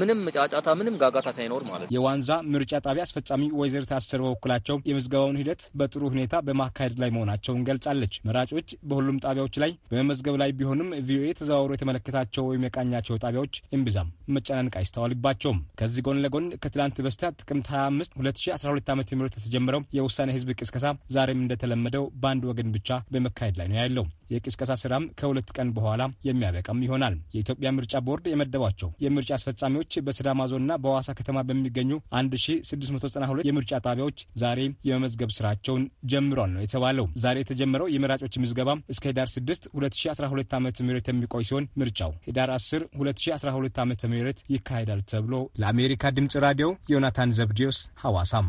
ምንም ጫጫታ፣ ምንም ጋጋታ ሳይኖር ማለት ነው። የዋንዛ ምርጫ ጣቢያ አስፈጻሚ ወይዘር ታስር በበኩላቸው የምዝገባውን ሂደት በጥሩ ሁኔታ በማካሄድ ላይ መሆናቸውን ገልጻለች። መራጮች በሁሉም ጣቢያዎች ላይ በመመዝገብ ላይ ቢሆንም ቪኦኤ ተዘዋውሮ የተመለከታቸው ወይም የቃኛቸው ጣቢያዎች እምብዛም መጨናነቅ አይስተዋልባቸውም። ከዚህ ጎን ለጎን ከትላንት በስቲያ ጥቅምት 25 2012 ዓ ም የተጀመረው የውሳኔ ህዝብ ቅስቀሳ ዛሬም እንደተለመደው በአንድ ወገን ብቻ በመካሄድ ላይ ነው ያለው። የቅስቀሳ ስራም ከሁለት ቀን በኋላ የሚያበቃም ይሆናል። የኢትዮጵያ ምርጫ ቦርድ የመደባቸው የምርጫ አስፈጻሚ አስፈጻሚዎች በሲዳማ ዞንና በሐዋሳ ከተማ በሚገኙ 1692 የምርጫ ጣቢያዎች ዛሬ የመመዝገብ ስራቸውን ጀምሯል ነው የተባለው። ዛሬ የተጀመረው የመራጮች ምዝገባ እስከ ሄዳር 6 2012 ዓ ም የሚቆይ ሲሆን ምርጫው ሄዳር 10 2012 ዓ ም ይካሄዳል ተብሎ ለአሜሪካ ድምፅ ራዲዮ ዮናታን ዘብዲዮስ ሐዋሳም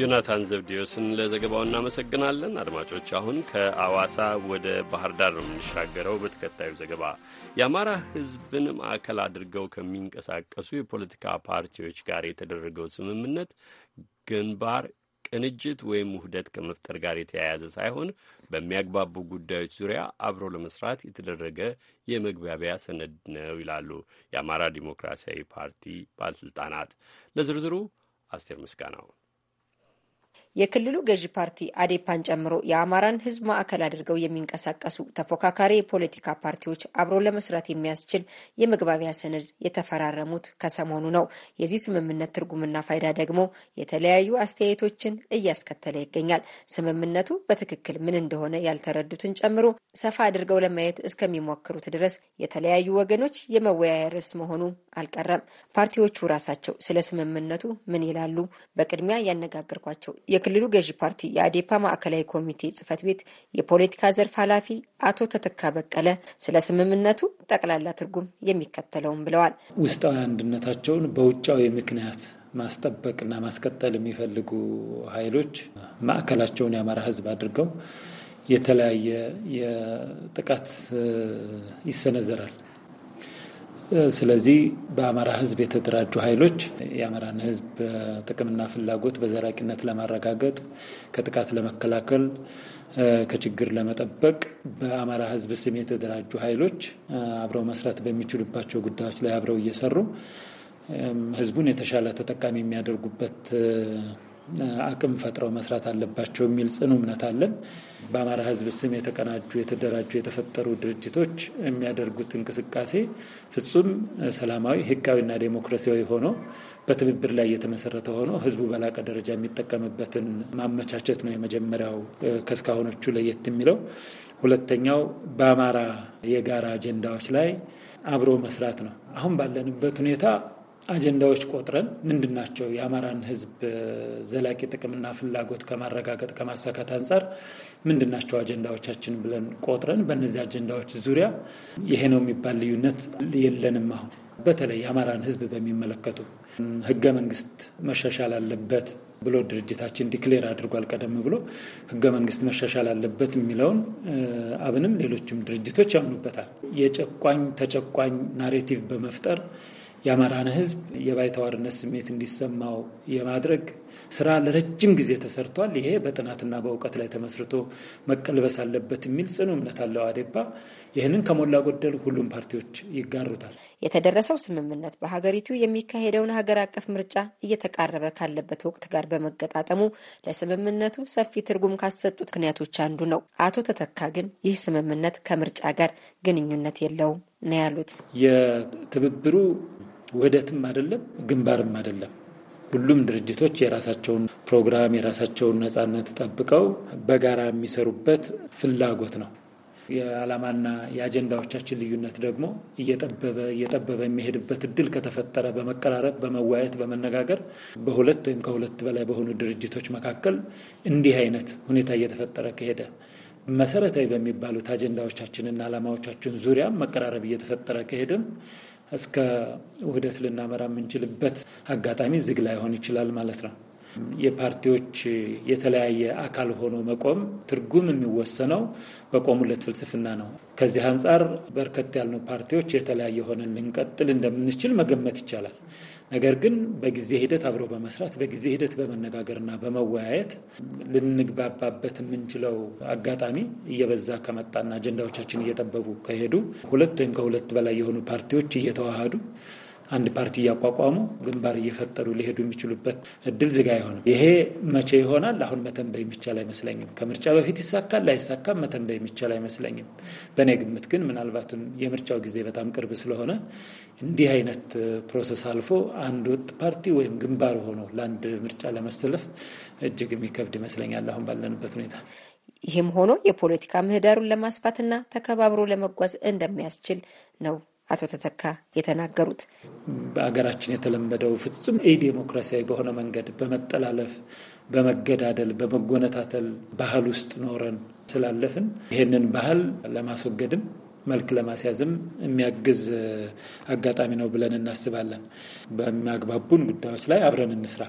ዮናታን ዘብዲዮስን ለዘገባው እናመሰግናለን። አድማጮች፣ አሁን ከአዋሳ ወደ ባህር ዳር ነው የምንሻገረው። በተከታዩ ዘገባ የአማራ ሕዝብን ማዕከል አድርገው ከሚንቀሳቀሱ የፖለቲካ ፓርቲዎች ጋር የተደረገው ስምምነት ግንባር ቅንጅት ወይም ውህደት ከመፍጠር ጋር የተያያዘ ሳይሆን በሚያግባቡ ጉዳዮች ዙሪያ አብሮ ለመስራት የተደረገ የመግባቢያ ሰነድ ነው ይላሉ የአማራ ዲሞክራሲያዊ ፓርቲ ባለስልጣናት። ለዝርዝሩ አስቴር ምስጋናው የክልሉ ገዢ ፓርቲ አዴፓን ጨምሮ የአማራን ህዝብ ማዕከል አድርገው የሚንቀሳቀሱ ተፎካካሪ የፖለቲካ ፓርቲዎች አብሮ ለመስራት የሚያስችል የመግባቢያ ሰነድ የተፈራረሙት ከሰሞኑ ነው። የዚህ ስምምነት ትርጉምና ፋይዳ ደግሞ የተለያዩ አስተያየቶችን እያስከተለ ይገኛል። ስምምነቱ በትክክል ምን እንደሆነ ያልተረዱትን ጨምሮ ሰፋ አድርገው ለማየት እስከሚሞክሩት ድረስ የተለያዩ ወገኖች የመወያያ ርዕስ መሆኑ አልቀረም። ፓርቲዎቹ ራሳቸው ስለ ስምምነቱ ምን ይላሉ? በቅድሚያ ያነጋገርኳቸው የክልሉ ገዢ ፓርቲ የአዴፓ ማዕከላዊ ኮሚቴ ጽህፈት ቤት የፖለቲካ ዘርፍ ኃላፊ አቶ ተተካ በቀለ ስለ ስምምነቱ ጠቅላላ ትርጉም የሚከተለውን ብለዋል። ውስጣዊ አንድነታቸውን በውጫዊ ምክንያት ማስጠበቅና ማስቀጠል የሚፈልጉ ኃይሎች ማዕከላቸውን የአማራ ህዝብ አድርገው የተለያየ የጥቃት ይሰነዘራል ስለዚህ በአማራ ህዝብ የተደራጁ ኃይሎች የአማራን ህዝብ ጥቅምና ፍላጎት በዘላቂነት ለማረጋገጥ ከጥቃት ለመከላከል ከችግር ለመጠበቅ በአማራ ህዝብ ስም የተደራጁ ኃይሎች አብረው መስራት በሚችሉባቸው ጉዳዮች ላይ አብረው እየሰሩ ህዝቡን የተሻለ ተጠቃሚ የሚያደርጉበት አቅም ፈጥረው መስራት አለባቸው የሚል ጽኑ እምነት አለን። በአማራ ሕዝብ ስም የተቀናጁ የተደራጁ የተፈጠሩ ድርጅቶች የሚያደርጉት እንቅስቃሴ ፍጹም ሰላማዊ፣ ህጋዊና ዴሞክራሲያዊ ሆኖ በትብብር ላይ የተመሰረተ ሆኖ ህዝቡ በላቀ ደረጃ የሚጠቀምበትን ማመቻቸት ነው የመጀመሪያው ከእስካሁኖቹ ለየት የሚለው። ሁለተኛው በአማራ የጋራ አጀንዳዎች ላይ አብሮ መስራት ነው። አሁን ባለንበት ሁኔታ አጀንዳዎች ቆጥረን ምንድን ናቸው የአማራን ህዝብ ዘላቂ ጥቅምና ፍላጎት ከማረጋገጥ ከማሳካት አንጻር ምንድን ናቸው አጀንዳዎቻችን ብለን ቆጥረን በእነዚህ አጀንዳዎች ዙሪያ ይሄ ነው የሚባል ልዩነት የለንም። አሁን በተለይ የአማራን ህዝብ በሚመለከቱ ህገ መንግስት መሻሻል አለበት ብሎ ድርጅታችን ዲክሌር አድርጓል። ቀደም ብሎ ህገ መንግስት መሻሻል አለበት የሚለውን አብንም ሌሎችም ድርጅቶች ያምኑበታል። የጨቋኝ ተጨቋኝ ናሬቲቭ በመፍጠር የአማራን ህዝብ የባይተዋርነት ስሜት እንዲሰማው የማድረግ ስራ ለረጅም ጊዜ ተሰርቷል። ይሄ በጥናትና በእውቀት ላይ ተመስርቶ መቀልበስ አለበት የሚል ጽኑ እምነት አለው አዴፓ። ይህንን ከሞላ ጎደል ሁሉም ፓርቲዎች ይጋሩታል። የተደረሰው ስምምነት በሀገሪቱ የሚካሄደውን ሀገር አቀፍ ምርጫ እየተቃረበ ካለበት ወቅት ጋር በመገጣጠሙ ለስምምነቱ ሰፊ ትርጉም ካሰጡት ምክንያቶች አንዱ ነው። አቶ ተተካ ግን ይህ ስምምነት ከምርጫ ጋር ግንኙነት የለውም ነው ያሉት። የትብብሩ ውህደትም አይደለም፣ ግንባርም አይደለም። ሁሉም ድርጅቶች የራሳቸውን ፕሮግራም የራሳቸውን ነጻነት ጠብቀው በጋራ የሚሰሩበት ፍላጎት ነው። የዓላማና የአጀንዳዎቻችን ልዩነት ደግሞ እየጠበበ እየጠበበ የሚሄድበት እድል ከተፈጠረ በመቀራረብ በመወያየት በመነጋገር በሁለት ወይም ከሁለት በላይ በሆኑ ድርጅቶች መካከል እንዲህ አይነት ሁኔታ እየተፈጠረ ከሄደ መሰረታዊ በሚባሉት አጀንዳዎቻችንና ዓላማዎቻችን ዙሪያ መቀራረብ እየተፈጠረ ከሄደም እስከ ውህደት ልናመራ የምንችልበት አጋጣሚ ዝግ ላይሆን ይችላል ማለት ነው። የፓርቲዎች የተለያየ አካል ሆኖ መቆም ትርጉም የሚወሰነው በቆሙለት ፍልስፍና ነው። ከዚህ አንጻር በርከት ያልነው ፓርቲዎች የተለያየ ሆነን ልንቀጥል እንደምንችል መገመት ይቻላል። ነገር ግን በጊዜ ሂደት አብሮ በመስራት በጊዜ ሂደት በመነጋገርና በመወያየት ልንግባባበት የምንችለው አጋጣሚ እየበዛ ከመጣና አጀንዳዎቻችን እየጠበቡ ከሄዱ ሁለት ወይም ከሁለት በላይ የሆኑ ፓርቲዎች እየተዋሃዱ አንድ ፓርቲ እያቋቋሙ ግንባር እየፈጠሩ ሊሄዱ የሚችሉበት እድል ዝግ አይሆንም። ይሄ መቼ ይሆናል? አሁን መተንበይ የሚቻል አይመስለኝም። ከምርጫ በፊት ይሳካል ላይሳካም መተንበይ የሚቻል አይመስለኝም። በእኔ ግምት ግን ምናልባትም የምርጫው ጊዜ በጣም ቅርብ ስለሆነ እንዲህ አይነት ፕሮሰስ አልፎ አንድ ወጥ ፓርቲ ወይም ግንባር ሆኖ ለአንድ ምርጫ ለመሰለፍ እጅግ የሚከብድ ይመስለኛል አሁን ባለንበት ሁኔታ። ይህም ሆኖ የፖለቲካ ምህዳሩን ለማስፋትና ተከባብሮ ለመጓዝ እንደሚያስችል ነው አቶ ተተካ የተናገሩት በአገራችን የተለመደው ፍጹም ኢ ዴሞክራሲያዊ በሆነ መንገድ በመጠላለፍ በመገዳደል በመጎነታተል ባህል ውስጥ ኖረን ስላለፍን ይህንን ባህል ለማስወገድም መልክ ለማስያዝም የሚያግዝ አጋጣሚ ነው ብለን እናስባለን። በሚያግባቡን ጉዳዮች ላይ አብረን እንስራ፣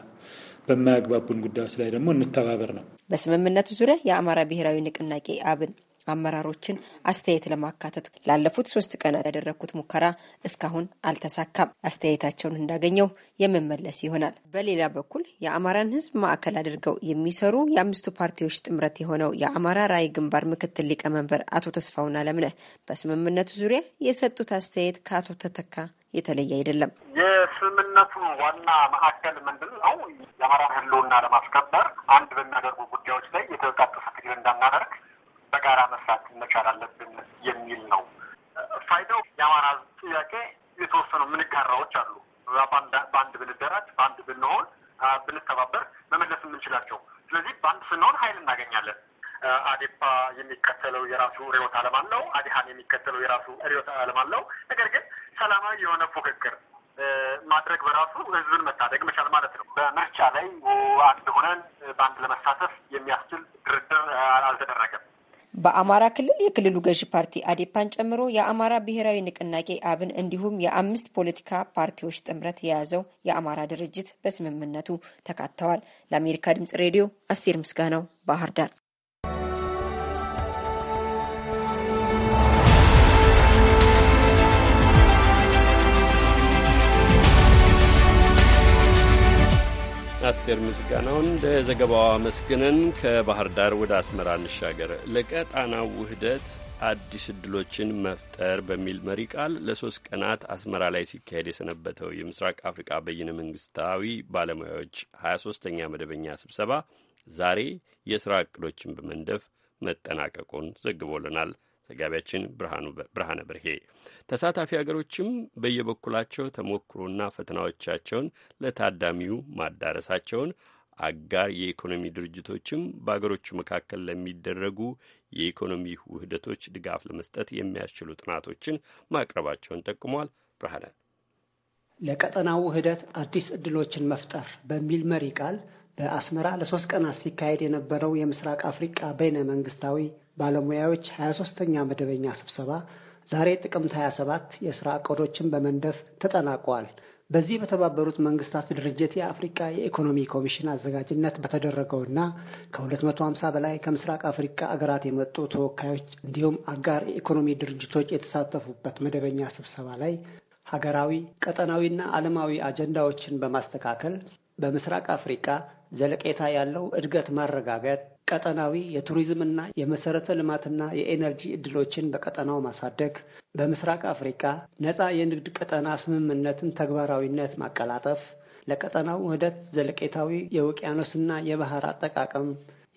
በማያግባቡን ጉዳዮች ላይ ደግሞ እንተባበር ነው። በስምምነቱ ዙሪያ የአማራ ብሔራዊ ንቅናቄ አብን አመራሮችን አስተያየት ለማካተት ላለፉት ሶስት ቀናት ያደረግኩት ሙከራ እስካሁን አልተሳካም። አስተያየታቸውን እንዳገኘው የምመለስ ይሆናል። በሌላ በኩል የአማራን ሕዝብ ማዕከል አድርገው የሚሰሩ የአምስቱ ፓርቲዎች ጥምረት የሆነው የአማራ ራዕይ ግንባር ምክትል ሊቀመንበር አቶ ተስፋውን አለምነህ በስምምነቱ ዙሪያ የሰጡት አስተያየት ከአቶ ተተካ የተለየ አይደለም። የስምምነቱ ዋና ማዕከል ምንድን ነው? የአማራን ህልውና ለማስከበር አንድ በሚያደርጉ ጉዳዮች ላይ የተቃጠሰ ትግል እንዳናደርግ በጋራ መስራት መቻል አለብን የሚል ነው። ፋይዳው የአማራ ጥያቄ የተወሰኑ ምንጋራዎች አሉ። በአንድ ብንደራጅ፣ በአንድ ብንሆን፣ ብንተባበር መመለስ የምንችላቸው። ስለዚህ በአንድ ስንሆን ኃይል እናገኛለን። አዴፓ የሚከተለው የራሱ ርዕዮተ ዓለም አለው። አዲሃን የሚከተለው የራሱ ርዕዮተ ዓለም አለው። ነገር ግን ሰላማዊ የሆነ ፉክክር ማድረግ በራሱ ህዝብን መታደግ መቻል ማለት ነው። በምርጫ ላይ አንድ ሆነን በአንድ ለመሳተፍ የሚያስችል ድርድር አልተደረገም። በአማራ ክልል የክልሉ ገዢ ፓርቲ አዴፓን ጨምሮ የአማራ ብሔራዊ ንቅናቄ አብን እንዲሁም የአምስት ፖለቲካ ፓርቲዎች ጥምረት የያዘው የአማራ ድርጅት በስምምነቱ ተካተዋል። ለአሜሪካ ድምጽ ሬዲዮ አስቴር ምስጋናው ባህር ዳር። አስቴር ምስጋናውን ለዘገባዋ አመስግነን ከባህር ዳር ወደ አስመራ እንሻገር። ለቀጣናው ውህደት አዲስ እድሎችን መፍጠር በሚል መሪ ቃል ለሶስት ቀናት አስመራ ላይ ሲካሄድ የሰነበተው የምስራቅ አፍሪቃ በይነ መንግስታዊ ባለሙያዎች 23ተኛ መደበኛ ስብሰባ ዛሬ የስራ እቅዶችን በመንደፍ መጠናቀቁን ዘግቦልናል። ዘጋቢያችን ብርሃነ በርሄ። ተሳታፊ ሀገሮችም በየበኩላቸው ተሞክሮና ፈተናዎቻቸውን ለታዳሚው ማዳረሳቸውን አጋር የኢኮኖሚ ድርጅቶችም በአገሮቹ መካከል ለሚደረጉ የኢኮኖሚ ውህደቶች ድጋፍ ለመስጠት የሚያስችሉ ጥናቶችን ማቅረባቸውን ጠቁሟል። ብርሃነ ለቀጠናው ውህደት አዲስ እድሎችን መፍጠር በሚል መሪ ቃል በአስመራ ለሶስት ቀናት ሲካሄድ የነበረው የምስራቅ አፍሪቃ በይነ መንግስታዊ ባለሙያዎች 23ኛ መደበኛ ስብሰባ ዛሬ ጥቅምት 27 የሥራ ዕቅዶችን በመንደፍ ተጠናቀዋል። በዚህ በተባበሩት መንግስታት ድርጅት የአፍሪካ የኢኮኖሚ ኮሚሽን አዘጋጅነት በተደረገውና ከ250 በላይ ከምስራቅ አፍሪካ አገራት የመጡ ተወካዮች እንዲሁም አጋር የኢኮኖሚ ድርጅቶች የተሳተፉበት መደበኛ ስብሰባ ላይ ሀገራዊ፣ ቀጠናዊና ዓለማዊ አጀንዳዎችን በማስተካከል በምስራቅ አፍሪካ ዘለቄታ ያለው እድገት ማረጋገጥ ቀጠናዊ የቱሪዝምና የመሰረተ ልማትና የኤነርጂ እድሎችን በቀጠናው ማሳደግ፣ በምስራቅ አፍሪካ ነፃ የንግድ ቀጠና ስምምነትን ተግባራዊነት ማቀላጠፍ፣ ለቀጠናው ውህደት ዘለቄታዊ የውቅያኖስና የባህር አጠቃቀም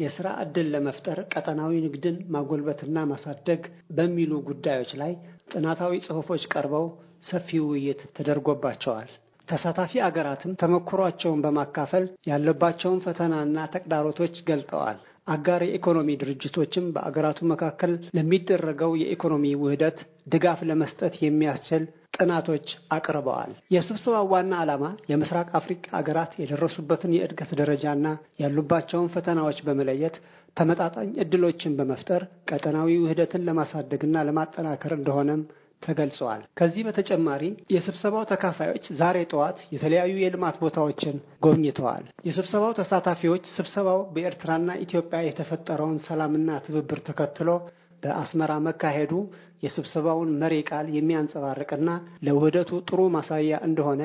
የስራ ዕድል ለመፍጠር ቀጠናዊ ንግድን ማጎልበትና ማሳደግ በሚሉ ጉዳዮች ላይ ጥናታዊ ጽሑፎች ቀርበው ሰፊ ውይይት ተደርጎባቸዋል። ተሳታፊ አገራትም ተሞክሯቸውን በማካፈል ያለባቸውን ፈተናና ተቅዳሮቶች ገልጠዋል። አጋር የኢኮኖሚ ድርጅቶችም በአገራቱ መካከል ለሚደረገው የኢኮኖሚ ውህደት ድጋፍ ለመስጠት የሚያስችል ጥናቶች አቅርበዋል። የስብሰባው ዋና ዓላማ የምስራቅ አፍሪካ አገራት የደረሱበትን የእድገት ደረጃና ያሉባቸውን ፈተናዎች በመለየት ተመጣጣኝ እድሎችን በመፍጠር ቀጠናዊ ውህደትን ለማሳደግና ለማጠናከር እንደሆነም ተገልጸዋል። ከዚህ በተጨማሪ የስብሰባው ተካፋዮች ዛሬ ጠዋት የተለያዩ የልማት ቦታዎችን ጎብኝተዋል። የስብሰባው ተሳታፊዎች ስብሰባው በኤርትራና ኢትዮጵያ የተፈጠረውን ሰላምና ትብብር ተከትሎ በአስመራ መካሄዱ የስብሰባውን መሪ ቃል የሚያንጸባርቅና ለውህደቱ ጥሩ ማሳያ እንደሆነ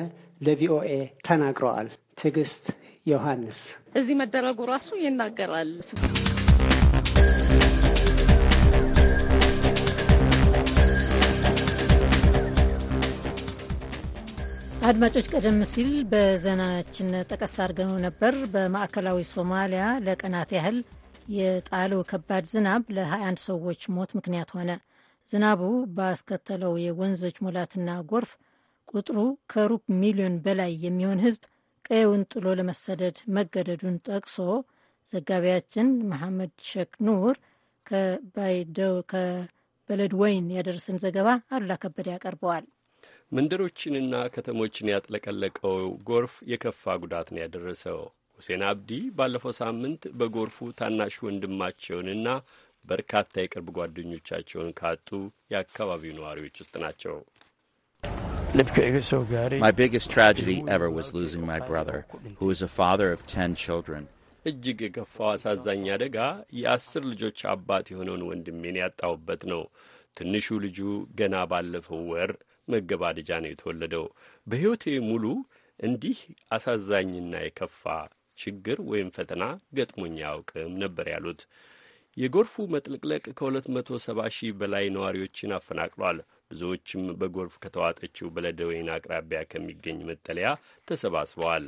ለቪኦኤ ተናግረዋል። ትዕግስት ዮሐንስ እዚህ መደረጉ ራሱ ይናገራል። አድማጮች ቀደም ሲል በዘናችን ጠቀስ አድርገነው ነበር። በማዕከላዊ ሶማሊያ ለቀናት ያህል የጣለው ከባድ ዝናብ ለ21 ሰዎች ሞት ምክንያት ሆነ። ዝናቡ ባስከተለው የወንዞች ሙላትና ጎርፍ ቁጥሩ ከሩብ ሚሊዮን በላይ የሚሆን ሕዝብ ቀየውን ጥሎ ለመሰደድ መገደዱን ጠቅሶ ዘጋቢያችን መሐመድ ሼክ ኑር ከበለድ ወይን ያደረሰን ዘገባ አሉላ ከበደ ያቀርበዋል። መንደሮችንና ከተሞችን ያጥለቀለቀው ጎርፍ የከፋ ጉዳት ነው ያደረሰው። ሁሴን አብዲ ባለፈው ሳምንት በጎርፉ ታናሽ ወንድማቸውንና በርካታ የቅርብ ጓደኞቻቸውን ካጡ የአካባቢው ነዋሪዎች ውስጥ ናቸው። My biggest tragedy ever was losing my brother, who is a father of ten children. እጅግ የከፋው አሳዛኝ አደጋ የአስር ልጆች አባት የሆነውን ወንድሜን ያጣሁበት ነው። ትንሹ ልጁ ገና ባለፈው ወር መገባደጃ ነው የተወለደው። በሕይወቴ ሙሉ እንዲህ አሳዛኝና የከፋ ችግር ወይም ፈተና ገጥሞኝ አያውቅም ነበር ያሉት። የጎርፉ መጥለቅለቅ ከ270 ሺህ በላይ ነዋሪዎችን አፈናቅሏል። ብዙዎችም በጎርፍ ከተዋጠችው በለደወይን አቅራቢያ ከሚገኝ መጠለያ ተሰባስበዋል።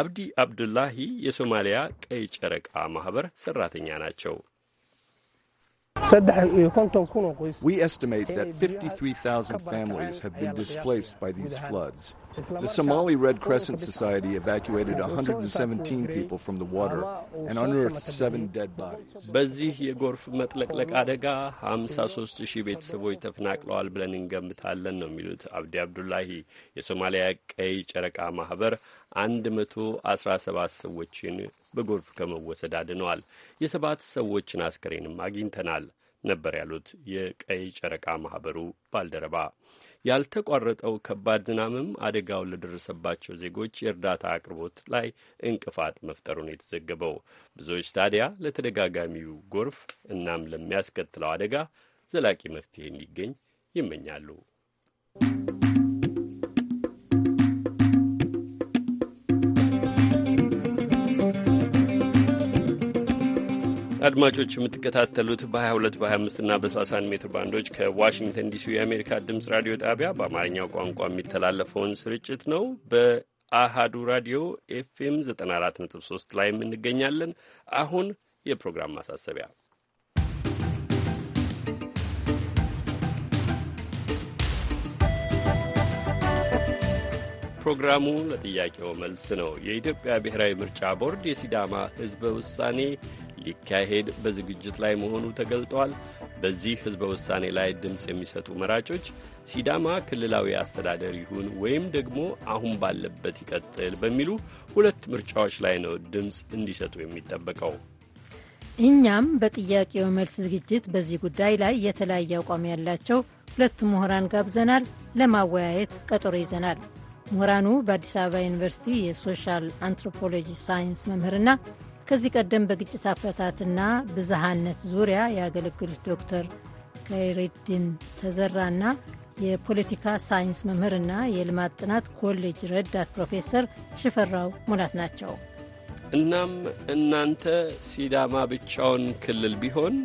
አብዲ አብዱላሂ የሶማሊያ ቀይ ጨረቃ ማኅበር ሠራተኛ ናቸው። We estimate that 53,000 families have been displaced by these floods. The Somali uh, Red Crescent Society evacuated uh, 117 people from the water and unearthed uh, seven dead bodies. በዚህ የጎርፍ መጥለቅለቅ አደጋ 53 ሺህ ቤተሰቦች ተፈናቅለዋል ብለን እንገምታለን ነው የሚሉት አብዲ አብዱላሂ። የሶማሊያ ቀይ ጨረቃ ማህበር 117 ሰዎችን በጎርፍ ከመወሰድ አድነዋል። የሰባት ሰዎችን አስከሬንም አግኝተናል ነበር ያሉት የቀይ ጨረቃ ማህበሩ ባልደረባ። ያልተቋረጠው ከባድ ዝናብም አደጋውን ለደረሰባቸው ዜጎች የእርዳታ አቅርቦት ላይ እንቅፋት መፍጠሩን የተዘገበው ብዙዎች ታዲያ ለተደጋጋሚው ጎርፍ እናም ለሚያስከትለው አደጋ ዘላቂ መፍትሄ እንዲገኝ ይመኛሉ። አድማጮች የምትከታተሉት በ22 በ25ና በ31 ሜትር ባንዶች ከዋሽንግተን ዲሲ የአሜሪካ ድምፅ ራዲዮ ጣቢያ በአማርኛው ቋንቋ የሚተላለፈውን ስርጭት ነው። በአሃዱ ራዲዮ ኤፍኤም 94.3 ላይ እንገኛለን። አሁን የፕሮግራም ማሳሰቢያ ፕሮግራሙ ለጥያቄው መልስ ነው። የኢትዮጵያ ብሔራዊ ምርጫ ቦርድ የሲዳማ ሕዝበ ውሳኔ ሊካሄድ በዝግጅት ላይ መሆኑ ተገልጧል። በዚህ ሕዝበ ውሳኔ ላይ ድምፅ የሚሰጡ መራጮች ሲዳማ ክልላዊ አስተዳደር ይሁን ወይም ደግሞ አሁን ባለበት ይቀጥል በሚሉ ሁለት ምርጫዎች ላይ ነው ድምፅ እንዲሰጡ የሚጠበቀው። እኛም በጥያቄው መልስ ዝግጅት በዚህ ጉዳይ ላይ የተለያየ አቋም ያላቸው ሁለት ምሁራን ጋብዘናል። ለማወያየት ቀጠሮ ይዘናል። ምሁራኑ በአዲስ አበባ ዩኒቨርሲቲ የሶሻል አንትሮፖሎጂ ሳይንስ መምህርና ከዚህ ቀደም በግጭት አፈታትና ብዝሃነት ዙሪያ ያገለግሉት ዶክተር ከይሬድን ተዘራና የፖለቲካ ሳይንስ መምህርና የልማት ጥናት ኮሌጅ ረዳት ፕሮፌሰር ሽፈራው ሙላት ናቸው። እናም እናንተ ሲዳማ ብቻውን ክልል ቢሆን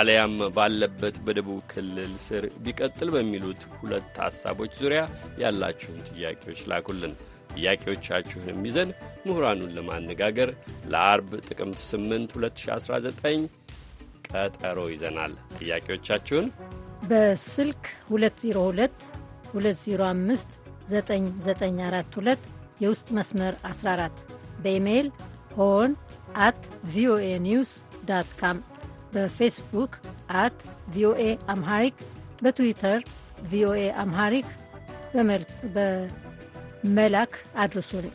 አለያም ባለበት በደቡብ ክልል ስር ቢቀጥል በሚሉት ሁለት ሀሳቦች ዙሪያ ያላችሁን ጥያቄዎች ላኩልን። ጥያቄዎቻችሁንም ይዘን ምሁራኑን ለማነጋገር ለአርብ ጥቅምት 8 2019 ቀጠሮ ይዘናል። ጥያቄዎቻችሁን በስልክ 202 205 9942 የውስጥ መስመር 14 በኢሜይል ሆን አት ቪኦኤ ኒውስ ዳት ካም በፌስቡክ አት ቪኦኤ አምሃሪክ በትዊተር ቪኦኤ አምሃሪክ በመልክ መላክ አድርሱን።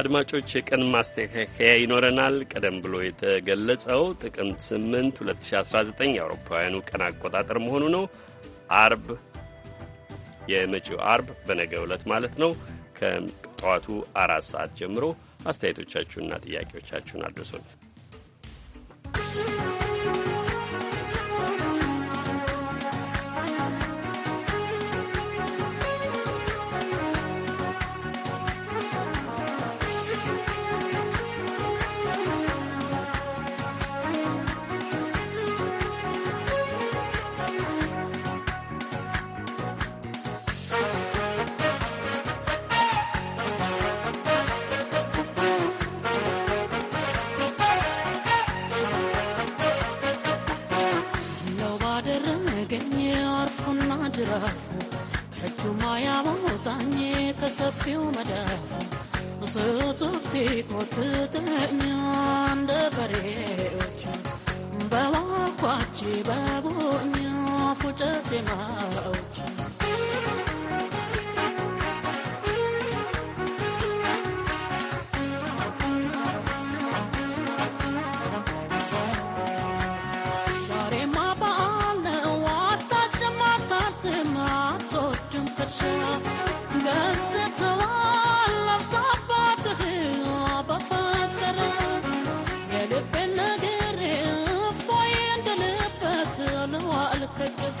አድማጮች የቀን ማስተካከያ ይኖረናል። ቀደም ብሎ የተገለጸው ጥቅምት 8 2019 የአውሮፓውያኑ ቀን አቆጣጠር መሆኑ ነው። አርብ የመጪው አርብ በነገ ዕለት ማለት ነው። ከጠዋቱ አራት ሰዓት ጀምሮ አስተያየቶቻችሁንና ጥያቄዎቻችሁን አድርሱን። በሰፊው መዳፍ ስብስብ ሲቆጥጠኝ እንደ በሬዎች በዋኳች በጎኝ ፉጨ ሴማው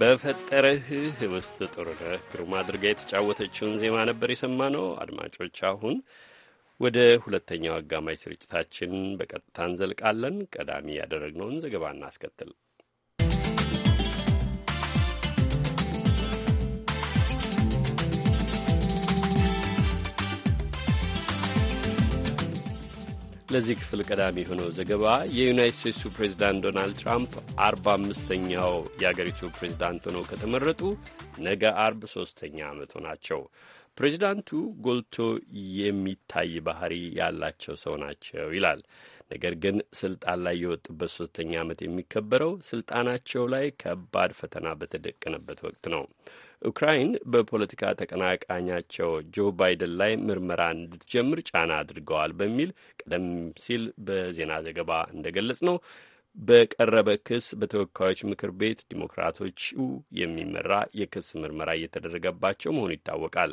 በፈጠረህ ህብስት ጥሩነህ ግሩም አድርጋ የተጫወተችውን ዜማ ነበር የሰማ ነው። አድማጮች አሁን ወደ ሁለተኛው አጋማሽ ስርጭታችን በቀጥታ እንዘልቃለን። ቀዳሚ ያደረግነውን ዘገባ እናስከትል። ለዚህ ክፍል ቀዳሚ የሆነው ዘገባ የዩናይት ስቴትሱ ፕሬዚዳንት ዶናልድ ትራምፕ አርባ አምስተኛው የአገሪቱ ፕሬዚዳንት ሆነው ከተመረጡ ነገ አርብ ሶስተኛ ዓመት ሆናቸው። ፕሬዚዳንቱ ጎልቶ የሚታይ ባህሪ ያላቸው ሰው ናቸው ይላል። ነገር ግን ስልጣን ላይ የወጡበት ሶስተኛ ዓመት የሚከበረው ስልጣናቸው ላይ ከባድ ፈተና በተደቀነበት ወቅት ነው። ኡክራይን በፖለቲካ ተቀናቃኛቸው ጆ ባይደን ላይ ምርመራ እንድትጀምር ጫና አድርገዋል በሚል ቀደም ሲል በዜና ዘገባ እንደገለጽ ነው በቀረበ ክስ በተወካዮች ምክር ቤት ዲሞክራቶቹ የሚመራ የክስ ምርመራ እየተደረገባቸው መሆኑ ይታወቃል።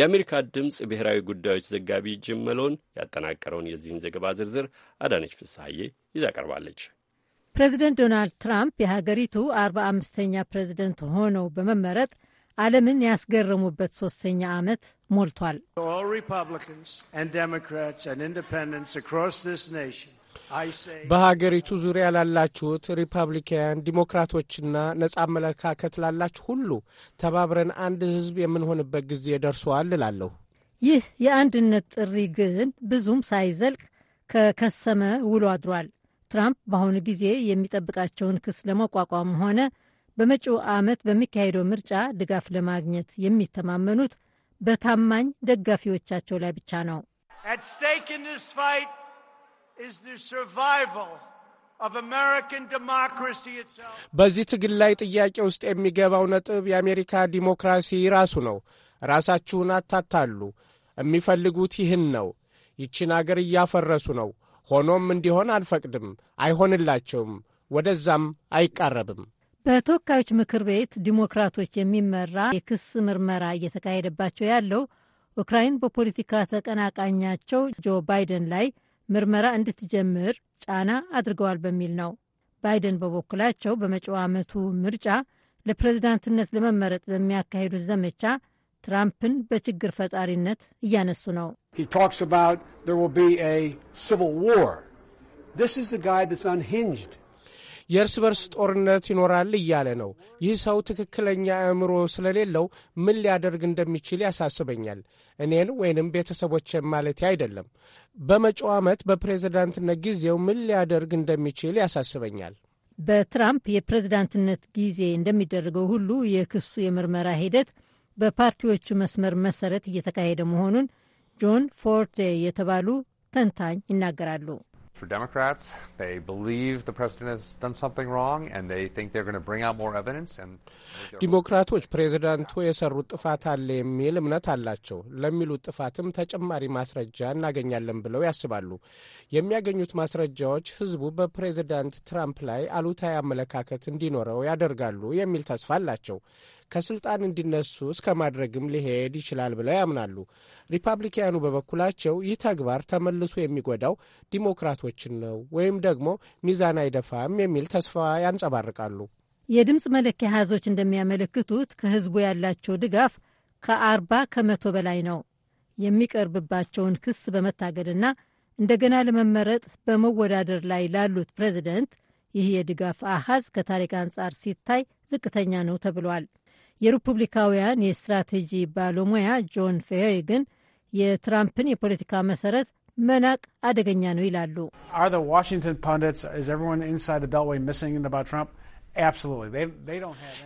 የአሜሪካ ድምፅ ብሔራዊ ጉዳዮች ዘጋቢ ጅም መሎን ያጠናቀረውን የዚህን ዘገባ ዝርዝር አዳነች ፍሳሐዬ ይዛ ቀርባለች። ፕሬዚደንት ዶናልድ ትራምፕ የሀገሪቱ አርባ አምስተኛ ፕሬዚደንት ሆነው በመመረጥ ዓለምን ያስገረሙበት ሶስተኛ ዓመት ሞልቷል። በሀገሪቱ ዙሪያ ላላችሁት ሪፐብሊካውያን፣ ዲሞክራቶችና ነጻ አመለካከት ላላችሁ ሁሉ ተባብረን አንድ ሕዝብ የምንሆንበት ጊዜ ደርሷል እላለሁ። ይህ የአንድነት ጥሪ ግን ብዙም ሳይዘልቅ ከከሰመ ውሎ አድሯል። ትራምፕ በአሁኑ ጊዜ የሚጠብቃቸውን ክስ ለመቋቋም ሆነ በመጪው ዓመት በሚካሄደው ምርጫ ድጋፍ ለማግኘት የሚተማመኑት በታማኝ ደጋፊዎቻቸው ላይ ብቻ ነው። በዚህ ትግል ላይ ጥያቄ ውስጥ የሚገባው ነጥብ የአሜሪካ ዲሞክራሲ ራሱ ነው። ራሳችሁን አታታሉ። የሚፈልጉት ይህን ነው። ይችን አገር እያፈረሱ ነው። ሆኖም እንዲሆን አልፈቅድም። አይሆንላቸውም። ወደዛም አይቃረብም። በተወካዮች ምክር ቤት ዲሞክራቶች የሚመራ የክስ ምርመራ እየተካሄደባቸው ያለው ኡክራይን በፖለቲካ ተቀናቃኛቸው ጆ ባይደን ላይ ምርመራ እንድትጀምር ጫና አድርገዋል በሚል ነው። ባይደን በበኩላቸው በመጪው ዓመቱ ምርጫ ለፕሬዝዳንትነት ለመመረጥ በሚያካሂዱት ዘመቻ ትራምፕን በችግር ፈጣሪነት እያነሱ ነው። ሂ የእርስ በርስ ጦርነት ይኖራል እያለ ነው። ይህ ሰው ትክክለኛ አእምሮ ስለሌለው ምን ሊያደርግ እንደሚችል ያሳስበኛል። እኔን ወይንም ቤተሰቦች ማለቴ አይደለም። በመጪው ዓመት በፕሬዝዳንትነት ጊዜው ምን ሊያደርግ እንደሚችል ያሳስበኛል። በትራምፕ የፕሬዝዳንትነት ጊዜ እንደሚደረገው ሁሉ የክሱ የምርመራ ሂደት በፓርቲዎቹ መስመር መሰረት እየተካሄደ መሆኑን ጆን ፎርቴ የተባሉ ተንታኝ ይናገራሉ። for Democrats. They believe the president has done something wrong and they think they're going to bring out more evidence and ዲሞክራቶች ፕሬዚዳንቱ የሰሩት ጥፋት አለ የሚል እምነት አላቸው። ለሚሉት ጥፋትም ተጨማሪ ማስረጃ እናገኛለን ብለው ያስባሉ። የሚያገኙት ማስረጃዎች ህዝቡ በፕሬዝዳንት ትራምፕ ላይ አሉታዊ አመለካከት እንዲኖረው ያደርጋሉ የሚል ተስፋ አላቸው። ከስልጣን እንዲነሱ እስከ ማድረግም ሊሄድ ይችላል ብለው ያምናሉ። ሪፐብሊካኑ በበኩላቸው ይህ ተግባር ተመልሶ የሚጎዳው ዲሞክራቶችን ነው ወይም ደግሞ ሚዛን አይደፋም የሚል ተስፋ ያንጸባርቃሉ። የድምፅ መለኪያ አሃዞች እንደሚያመለክቱት ከህዝቡ ያላቸው ድጋፍ ከአርባ ከመቶ በላይ ነው። የሚቀርብባቸውን ክስ በመታገድና እንደገና ለመመረጥ በመወዳደር ላይ ላሉት ፕሬዚደንት ይህ የድጋፍ አሃዝ ከታሪክ አንጻር ሲታይ ዝቅተኛ ነው ተብሏል። የሪፑብሊካውያን የስትራቴጂ ባለሙያ ጆን ፌሪ ግን የትራምፕን የፖለቲካ መሰረት መናቅ አደገኛ ነው ይላሉ።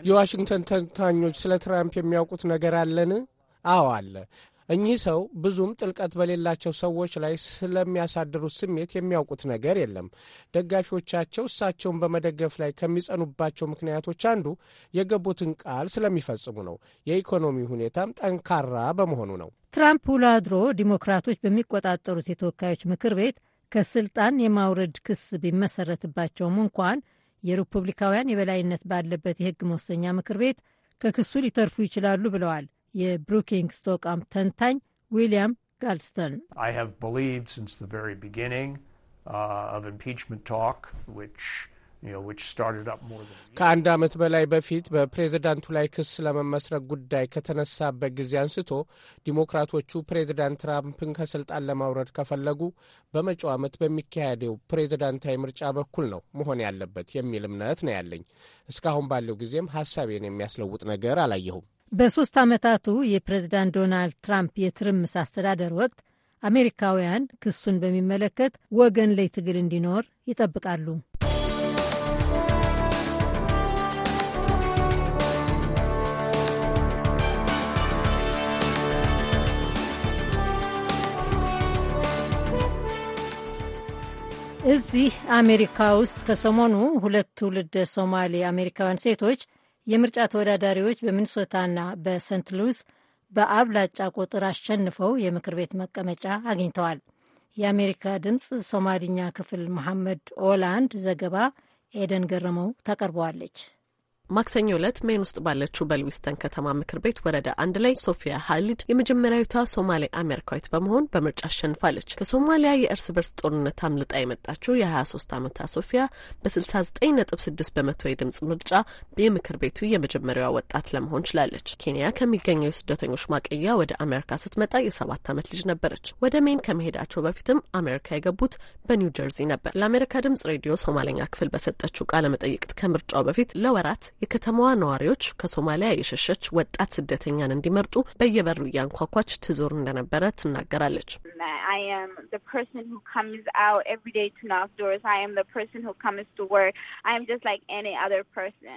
የዋሽንግተን ተንታኞች ስለ ትራምፕ የሚያውቁት ነገር አለን? አዎ አለ። እኚህ ሰው ብዙም ጥልቀት በሌላቸው ሰዎች ላይ ስለሚያሳድሩት ስሜት የሚያውቁት ነገር የለም። ደጋፊዎቻቸው እሳቸውን በመደገፍ ላይ ከሚጸኑባቸው ምክንያቶች አንዱ የገቡትን ቃል ስለሚፈጽሙ ነው። የኢኮኖሚ ሁኔታም ጠንካራ በመሆኑ ነው። ትራምፕ ውሎ አድሮ ዲሞክራቶች በሚቆጣጠሩት የተወካዮች ምክር ቤት ከስልጣን የማውረድ ክስ ቢመሰረትባቸውም እንኳን የሪፑብሊካውያን የበላይነት ባለበት የህግ መወሰኛ ምክር ቤት ከክሱ ሊተርፉ ይችላሉ ብለዋል የብሩኪንግ ስቶቃም ተንታኝ ዊሊያም ጋልስተን uh, ከአንድ ዓመት በላይ በፊት በፕሬዝዳንቱ ላይ ክስ ለመመስረት ጉዳይ ከተነሳበት ጊዜ አንስቶ ዲሞክራቶቹ ፕሬዝዳንት ትራምፕን ከስልጣን ለማውረድ ከፈለጉ በመጪው ዓመት በሚካሄደው ፕሬዝዳንታዊ ምርጫ በኩል ነው መሆን ያለበት የሚል እምነት ነው ያለኝ። እስካሁን ባለው ጊዜም ሀሳቤን የሚያስለውጥ ነገር አላየሁም። በሦስት ዓመታቱ የፕሬዝዳንት ዶናልድ ትራምፕ የትርምስ አስተዳደር ወቅት አሜሪካውያን ክሱን በሚመለከት ወገን ላይ ትግል እንዲኖር ይጠብቃሉ። እዚህ አሜሪካ ውስጥ ከሰሞኑ ሁለት ትውልድ ሶማሌ አሜሪካውያን ሴቶች የምርጫ ተወዳዳሪዎች በሚኒሶታና በሰንት ሉዊስ በአብላጫ ቁጥር አሸንፈው የምክር ቤት መቀመጫ አግኝተዋል። የአሜሪካ ድምፅ ሶማሊኛ ክፍል መሐመድ ኦላንድ ዘገባ ኤደን ገረመው ታቀርበዋለች። ማክሰኞ ዕለት ሜን ውስጥ ባለችው በልዊስተን ከተማ ምክር ቤት ወረዳ አንድ ላይ ሶፊያ ሀሊድ የመጀመሪያዊቷ ሶማሌ አሜሪካዊት በመሆን በምርጫ አሸንፋለች። ከሶማሊያ የእርስ በርስ ጦርነት አምልጣ የመጣችው የ23 ዓመቷ ሶፊያ በ69.6 በመቶ የድምጽ ምርጫ የምክር ቤቱ የመጀመሪያዋ ወጣት ለመሆን ችላለች። ኬንያ ከሚገኘው የስደተኞች ማቀያ ወደ አሜሪካ ስትመጣ የሰባት ዓመት ልጅ ነበረች። ወደ ሜን ከመሄዳቸው በፊትም አሜሪካ የገቡት በኒው ጀርዚ ነበር። ለአሜሪካ ድምጽ ሬዲዮ ሶማለኛ ክፍል በሰጠችው ቃለ መጠይቅት ከምርጫው በፊት ለወራት የከተማዋ ነዋሪዎች ከሶማሊያ የሸሸች ወጣት ስደተኛን እንዲመርጡ በየበሩ እያንኳኳች ትዞር እንደነበረ ትናገራለች።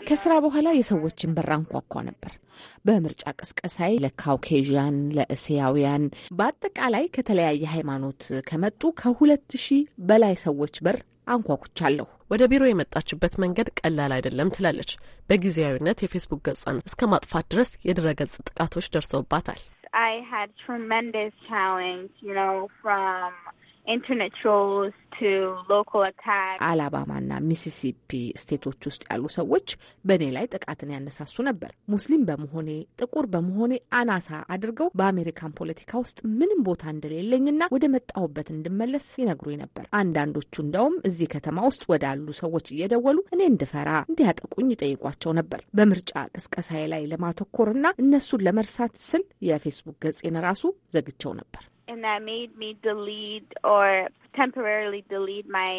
ከስራ በኋላ የሰዎችን በር አንኳኳ ነበር። በምርጫ ቀስቀሳይ ለካውኬዥያን፣ ለእስያውያን በአጠቃላይ ከተለያየ ሃይማኖት ከመጡ ከሁለት ሺህ በላይ ሰዎች በር አንኳኩቻለሁ። ወደ ቢሮ የመጣችበት መንገድ ቀላል አይደለም ትላለች። በጊዜያዊነት የፌስቡክ ገጿን እስከ ማጥፋት ድረስ የድረገጽ ጥቃቶች ደርሰውባታል። I had tremendous challenge, you know, from አላባማና ሚሲሲፒ ስቴቶች ውስጥ ያሉ ሰዎች በእኔ ላይ ጥቃትን ያነሳሱ ነበር። ሙስሊም በመሆኔ ጥቁር በመሆኔ አናሳ አድርገው በአሜሪካን ፖለቲካ ውስጥ ምንም ቦታ እንደሌለኝና ወደ መጣሁበት እንድመለስ ይነግሩኝ ነበር። አንዳንዶቹ እንደውም እዚህ ከተማ ውስጥ ወዳሉ ሰዎች እየደወሉ እኔ እንድፈራ እንዲያጠቁኝ ይጠይቋቸው ነበር። በምርጫ ቅስቀሳዬ ላይ ለማተኮርና እነሱን ለመርሳት ስል የፌስቡክ ገጽን ራሱ ዘግቸው ነበር። and that made me delete or temporarily delete my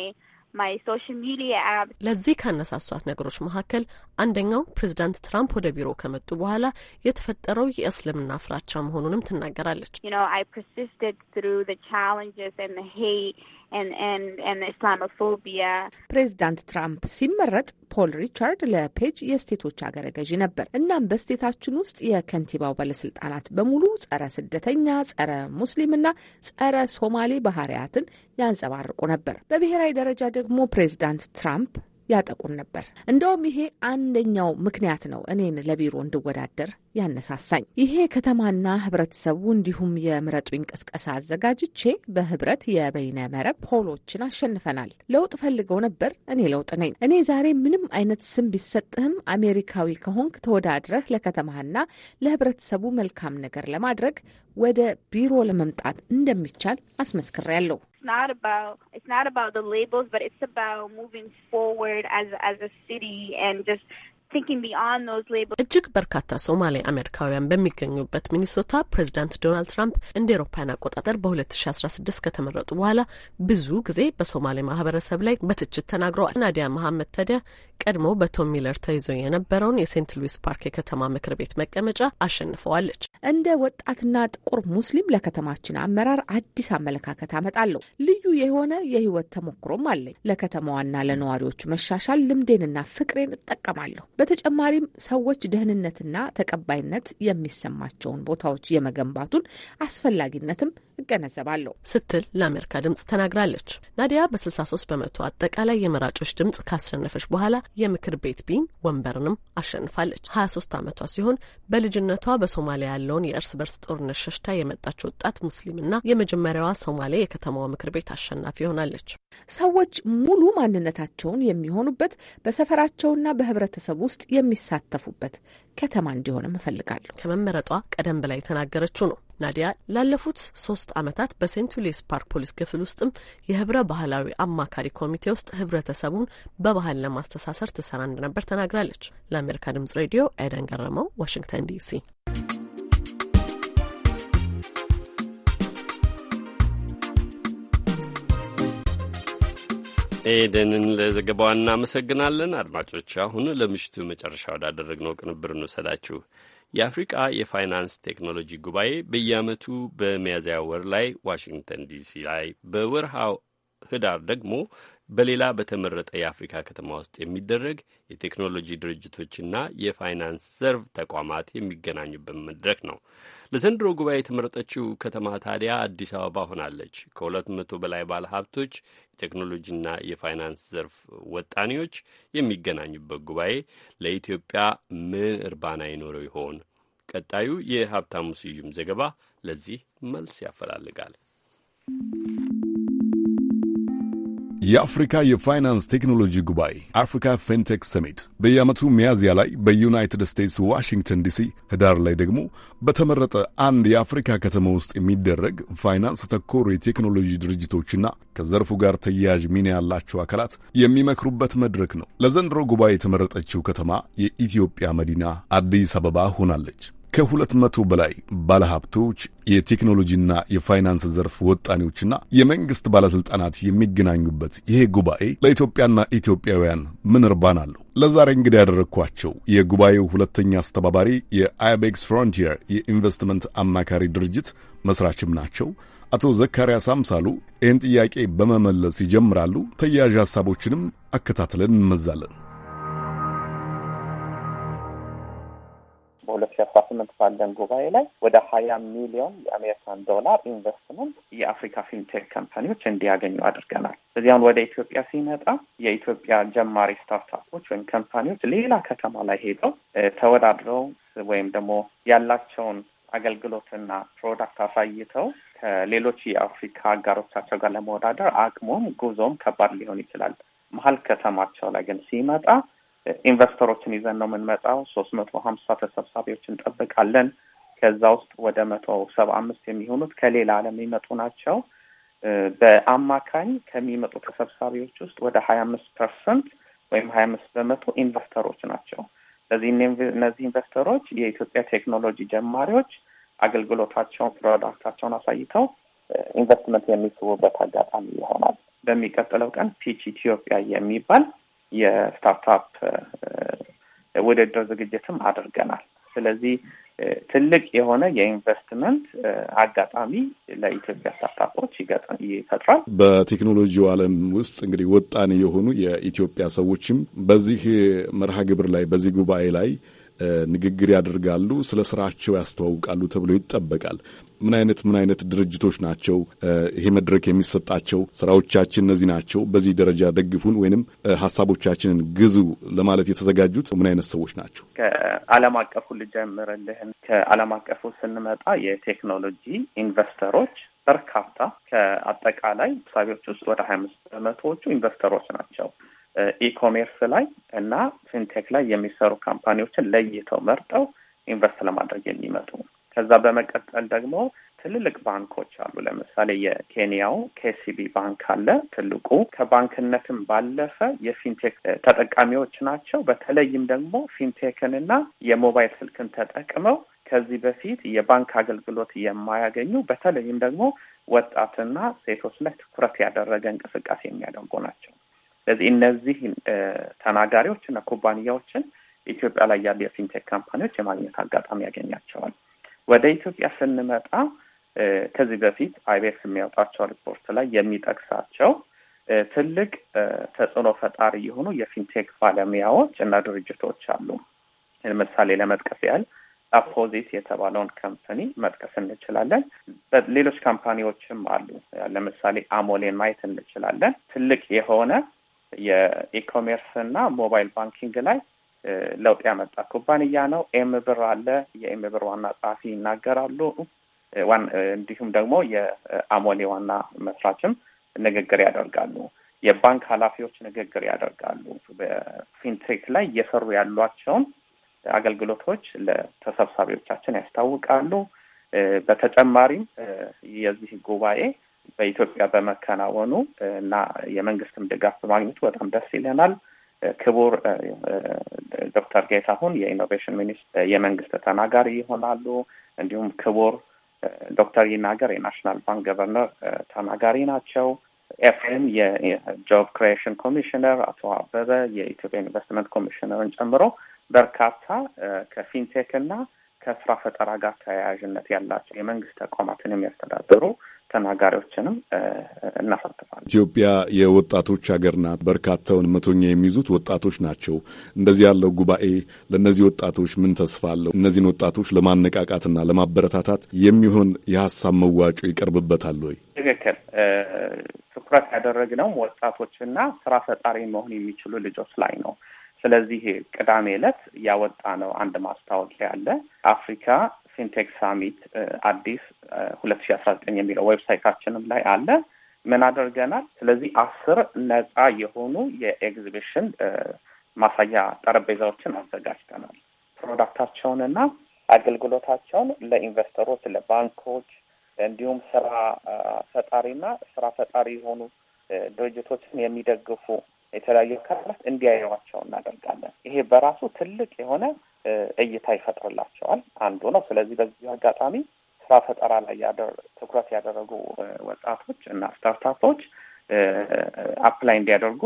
my social media app ለዚህ ካነሳሷት ነገሮች መካከል አንደኛው ፕሬዚዳንት ትራምፕ ወደ ቢሮ ከመጡ በኋላ የተፈጠረው የእስልምና ፍራቻ መሆኑንም ትናገራለች። you know I persisted through the challenges and the hate ፕሬዚዳንት ትራምፕ ሲመረጥ ፖል ሪቻርድ ለፔጅ የስቴቶች አገረ ገዢ ነበር። እናም በስቴታችን ውስጥ የከንቲባው ባለስልጣናት በሙሉ ጸረ ስደተኛ፣ ጸረ ሙስሊምና ጸረ ሶማሌ ባህሪያትን ያንጸባርቁ ነበር። በብሔራዊ ደረጃ ደግሞ ፕሬዚዳንት ትራምፕ ያጠቁን ነበር። እንደውም ይሄ አንደኛው ምክንያት ነው እኔን ለቢሮ እንድወዳደር ያነሳሳኝ። ይሄ ከተማና ህብረተሰቡ እንዲሁም የምረጡኝ ቅስቀሳ አዘጋጅቼ በህብረት የበይነ መረብ ፖሎችን አሸንፈናል። ለውጥ ፈልገው ነበር። እኔ ለውጥ ነኝ። እኔ ዛሬ ምንም አይነት ስም ቢሰጥህም አሜሪካዊ ከሆንክ ተወዳድረህ ለከተማህና ለህብረተሰቡ መልካም ነገር ለማድረግ ወደ ቢሮ ለመምጣት እንደሚቻል አስመስክሬያለሁ። it's not about it's not about the labels, but it's about moving forward as as a city and just እጅግ በርካታ ሶማሌ አሜሪካውያን በሚገኙበት ሚኒሶታ ፕሬዚዳንት ዶናልድ ትራምፕ እንደ ኤሮፓያን አቆጣጠር በ2016 ከተመረጡ በኋላ ብዙ ጊዜ በሶማሌ ማህበረሰብ ላይ በትችት ተናግረዋል። ናዲያ መሐመድ ታዲያ ቀድሞ በቶም ሚለር ተይዞ የነበረውን የሴንት ሉዊስ ፓርክ የከተማ ምክር ቤት መቀመጫ አሸንፈዋለች። እንደ ወጣትና ጥቁር ሙስሊም ለከተማችን አመራር አዲስ አመለካከት አመጣለሁ። ልዩ የሆነ የህይወት ተሞክሮም አለኝ። ለከተማዋና ለነዋሪዎቹ መሻሻል ልምዴንና ፍቅሬን እጠቀማለሁ በተጨማሪም ሰዎች ደህንነትና ተቀባይነት የሚሰማቸውን ቦታዎች የመገንባቱን አስፈላጊነትም እገነዘባለሁ ስትል ለአሜሪካ ድምጽ ተናግራለች። ናዲያ በ63 በመቶ አጠቃላይ የመራጮች ድምጽ ካሸነፈች በኋላ የምክር ቤት ቢን ወንበርንም አሸንፋለች። 23 ዓመቷ ሲሆን በልጅነቷ በሶማሊያ ያለውን የእርስ በርስ ጦርነት ሸሽታ የመጣች ወጣት ሙስሊምና የመጀመሪያዋ ሶማሌ የከተማዋ ምክር ቤት አሸናፊ ሆናለች። ሰዎች ሙሉ ማንነታቸውን የሚሆኑበት በሰፈራቸውና በህብረተሰቡ ውስጥ የሚሳተፉበት ከተማ እንዲሆንም እፈልጋለሁ። ከመመረጧ ቀደም ብላ የተናገረችው ነው። ናዲያ ላለፉት ሶስት ዓመታት በሴንት ዊሊስ ፓርክ ፖሊስ ክፍል ውስጥም የህብረ ባህላዊ አማካሪ ኮሚቴ ውስጥ ህብረተሰቡን በባህል ለማስተሳሰር ትሰራ እንደነበር ተናግራለች። ለአሜሪካ ድምጽ ሬዲዮ ኤደን ገረመው፣ ዋሽንግተን ዲሲ ኤደንን ለዘገባዋ እናመሰግናለን። አድማጮች፣ አሁን ለምሽቱ መጨረሻ ወዳደረግነው ቅንብር እንውሰዳችሁ። የአፍሪቃ የፋይናንስ ቴክኖሎጂ ጉባኤ በየዓመቱ በሚያዝያ ወር ላይ ዋሽንግተን ዲሲ ላይ በወርሃ ህዳር ደግሞ በሌላ በተመረጠ የአፍሪካ ከተማ ውስጥ የሚደረግ የቴክኖሎጂ ድርጅቶችና የፋይናንስ ዘርፍ ተቋማት የሚገናኙበት መድረክ ነው። ለዘንድሮ ጉባኤ የተመረጠችው ከተማ ታዲያ አዲስ አበባ ሆናለች። ከሁለት መቶ በላይ ባለ ሀብቶች ቴክኖሎጂና የፋይናንስ ዘርፍ ወጣኔዎች የሚገናኙበት ጉባኤ ለኢትዮጵያ ምን እርባና ይኖረው ይሆን? ቀጣዩ የሀብታሙ ስዩም ዘገባ ለዚህ መልስ ያፈላልጋል። የአፍሪካ የፋይናንስ ቴክኖሎጂ ጉባኤ አፍሪካ ፌንቴክ ሰሚት በየዓመቱ ሚያዝያ ላይ በዩናይትድ ስቴትስ ዋሽንግተን ዲሲ፣ ህዳር ላይ ደግሞ በተመረጠ አንድ የአፍሪካ ከተማ ውስጥ የሚደረግ ፋይናንስ ተኮር የቴክኖሎጂ ድርጅቶችና ከዘርፉ ጋር ተያያዥ ሚና ያላቸው አካላት የሚመክሩበት መድረክ ነው። ለዘንድሮ ጉባኤ የተመረጠችው ከተማ የኢትዮጵያ መዲና አዲስ አበባ ሆናለች። ከሁለት መቶ በላይ ባለሀብቶች፣ የቴክኖሎጂና የፋይናንስ ዘርፍ ወጣኔዎችና የመንግስት ባለስልጣናት የሚገናኙበት ይሄ ጉባኤ ለኢትዮጵያና ኢትዮጵያውያን ምን እርባና አለው? ለዛሬ እንግዲህ ያደረግኳቸው የጉባኤው ሁለተኛ አስተባባሪ የአይቤክስ ፍሮንቲየር የኢንቨስትመንት አማካሪ ድርጅት መስራችም ናቸው አቶ ዘካርያስ አምሳሉ ይህን ጥያቄ በመመለስ ይጀምራሉ። ተያያዥ ሀሳቦችንም አከታትለን እንመዛለን። በሁለት ሺ ስምንት ባለን ጉባኤ ላይ ወደ ሀያ ሚሊዮን የአሜሪካን ዶላር ኢንቨስትመንት የአፍሪካ ፊንቴክ ካምፓኒዎች እንዲያገኙ አድርገናል። አሁን ወደ ኢትዮጵያ ሲመጣ የኢትዮጵያ ጀማሪ ስታርታፖች ወይም ካምፓኒዎች ሌላ ከተማ ላይ ሄደው ተወዳድረው ወይም ደግሞ ያላቸውን አገልግሎትና ፕሮዳክት አሳይተው ከሌሎች የአፍሪካ አጋሮቻቸው ጋር ለመወዳደር አቅሙም ጉዞም ከባድ ሊሆን ይችላል። መሀል ከተማቸው ላይ ግን ሲመጣ ኢንቨስተሮችን ይዘን ነው የምንመጣው። ሶስት መቶ ሀምሳ ተሰብሳቢዎች እንጠብቃለን። ከዛ ውስጥ ወደ መቶ ሰባ አምስት የሚሆኑት ከሌላ ዓለም የሚመጡ ናቸው። በአማካኝ ከሚመጡ ተሰብሳቢዎች ውስጥ ወደ ሀያ አምስት ፐርሰንት ወይም ሀያ አምስት በመቶ ኢንቨስተሮች ናቸው። ስለዚህ እነዚህ ኢንቨስተሮች የኢትዮጵያ ቴክኖሎጂ ጀማሪዎች አገልግሎታቸውን፣ ፕሮዳክታቸውን አሳይተው ኢንቨስትመንት የሚስቡበት አጋጣሚ ይሆናል። በሚቀጥለው ቀን ፒች ኢትዮጵያ የሚባል የስታርታፕ ውድድር ዝግጅትም አድርገናል። ስለዚህ ትልቅ የሆነ የኢንቨስትመንት አጋጣሚ ለኢትዮጵያ ስታርታፖች ይፈጥራል። በቴክኖሎጂው ዓለም ውስጥ እንግዲህ ወጣን የሆኑ የኢትዮጵያ ሰዎችም በዚህ መርሃ ግብር ላይ በዚህ ጉባኤ ላይ ንግግር ያደርጋሉ፣ ስለ ስራቸው ያስተዋውቃሉ ተብሎ ይጠበቃል። ምን አይነት ምን አይነት ድርጅቶች ናቸው ይሄ መድረክ የሚሰጣቸው? ስራዎቻችን እነዚህ ናቸው፣ በዚህ ደረጃ ደግፉን ወይንም ሀሳቦቻችንን ግዙ ለማለት የተዘጋጁት ምን አይነት ሰዎች ናቸው? ከዓለም አቀፉ ልጀምርልህን። ከዓለም አቀፉ ስንመጣ የቴክኖሎጂ ኢንቨስተሮች በርካታ ከአጠቃላይ ሳቢዎች ውስጥ ወደ ሀያ አምስት በመቶዎቹ ኢንቨስተሮች ናቸው። ኢኮሜርስ ላይ እና ፊንቴክ ላይ የሚሰሩ ካምፓኒዎችን ለይተው መርጠው ኢንቨስት ለማድረግ የሚመጡ ከዛ በመቀጠል ደግሞ ትልልቅ ባንኮች አሉ። ለምሳሌ የኬንያው ኬሲቢ ባንክ አለ ትልቁ። ከባንክነትም ባለፈ የፊንቴክ ተጠቃሚዎች ናቸው። በተለይም ደግሞ ፊንቴክን እና የሞባይል ስልክን ተጠቅመው ከዚህ በፊት የባንክ አገልግሎት የማያገኙ በተለይም ደግሞ ወጣትና ሴቶች ላይ ትኩረት ያደረገ እንቅስቃሴ የሚያደርጉ ናቸው። ስለዚህ እነዚህ ተናጋሪዎች እና ኩባንያዎችን ኢትዮጵያ ላይ ያሉ የፊንቴክ ካምፓኒዎች የማግኘት አጋጣሚ ያገኛቸዋል። ወደ ኢትዮጵያ ስንመጣ ከዚህ በፊት አይቤክስ የሚያወጣቸው ሪፖርት ላይ የሚጠቅሳቸው ትልቅ ተጽዕኖ ፈጣሪ የሆኑ የፊንቴክ ባለሙያዎች እና ድርጅቶች አሉ። ለምሳሌ ለመጥቀስ ያህል አፖዚት የተባለውን ካምፓኒ መጥቀስ እንችላለን። ሌሎች ካምፓኒዎችም አሉ። ለምሳሌ አሞሌን ማየት እንችላለን። ትልቅ የሆነ የኢኮሜርስ እና ሞባይል ባንኪንግ ላይ ለውጥ ያመጣ ኩባንያ ነው። ኤም ብር አለ። የኤም ብር ዋና ጸሐፊ ይናገራሉ። እንዲሁም ደግሞ የአሞሌ ዋና መስራችም ንግግር ያደርጋሉ። የባንክ ኃላፊዎች ንግግር ያደርጋሉ። በፊንቴክ ላይ እየሰሩ ያሏቸውን አገልግሎቶች ለተሰብሳቢዎቻችን ያስታውቃሉ። በተጨማሪም የዚህ ጉባኤ በኢትዮጵያ በመከናወኑ እና የመንግስትም ድጋፍ በማግኘቱ በጣም ደስ ይለናል። ክቡር ዶክተር ጌታሁን የኢኖቬሽን ሚኒስትር የመንግስት ተናጋሪ ይሆናሉ። እንዲሁም ክቡር ዶክተር ይናገር የናሽናል ባንክ ገቨርነር ተናጋሪ ናቸው። ኤፍሬም የጆብ ክሪኤሽን ኮሚሽነር፣ አቶ አበበ የኢትዮጵያ ኢንቨስትመንት ኮሚሽነርን ጨምሮ በርካታ ከፊንቴክ እና ከስራ ፈጠራ ጋር ተያያዥነት ያላቸው የመንግስት ተቋማትን የሚያስተዳድሩ ተናጋሪዎችንም እናሳትፋለን። ኢትዮጵያ የወጣቶች ሀገር ናት። በርካታውን መቶኛ የሚይዙት ወጣቶች ናቸው። እንደዚህ ያለው ጉባኤ ለእነዚህ ወጣቶች ምን ተስፋ አለው? እነዚህን ወጣቶች ለማነቃቃትና ለማበረታታት የሚሆን የሀሳብ መዋጮ ይቀርብበታል ወይ? ትክክል። ትኩረት ያደረግነው ወጣቶችና ስራ ፈጣሪ መሆን የሚችሉ ልጆች ላይ ነው። ስለዚህ ቅዳሜ ዕለት ያወጣ ነው አንድ ማስታወቂያ ያለ አፍሪካ ፊንቴክ ሳሚት አዲስ ሁለት ሺ አስራ ዘጠኝ የሚለው ዌብሳይታችንም ላይ አለ። ምን አድርገናል? ስለዚህ አስር ነጻ የሆኑ የኤግዚቢሽን ማሳያ ጠረጴዛዎችን አዘጋጅተናል። ፕሮዳክታቸውንና አገልግሎታቸውን ለኢንቨስተሮች፣ ለባንኮች እንዲሁም ስራ ፈጣሪና ስራ ፈጣሪ የሆኑ ድርጅቶችን የሚደግፉ የተለያዩ አካላት እንዲያየዋቸው እናደርጋለን። ይሄ በራሱ ትልቅ የሆነ እይታ ይፈጥርላቸዋል አንዱ ነው። ስለዚህ በዚህ አጋጣሚ ስራ ፈጠራ ላይ ትኩረት ያደረጉ ወጣቶች እና ስታርታፖች አፕላይ እንዲያደርጉ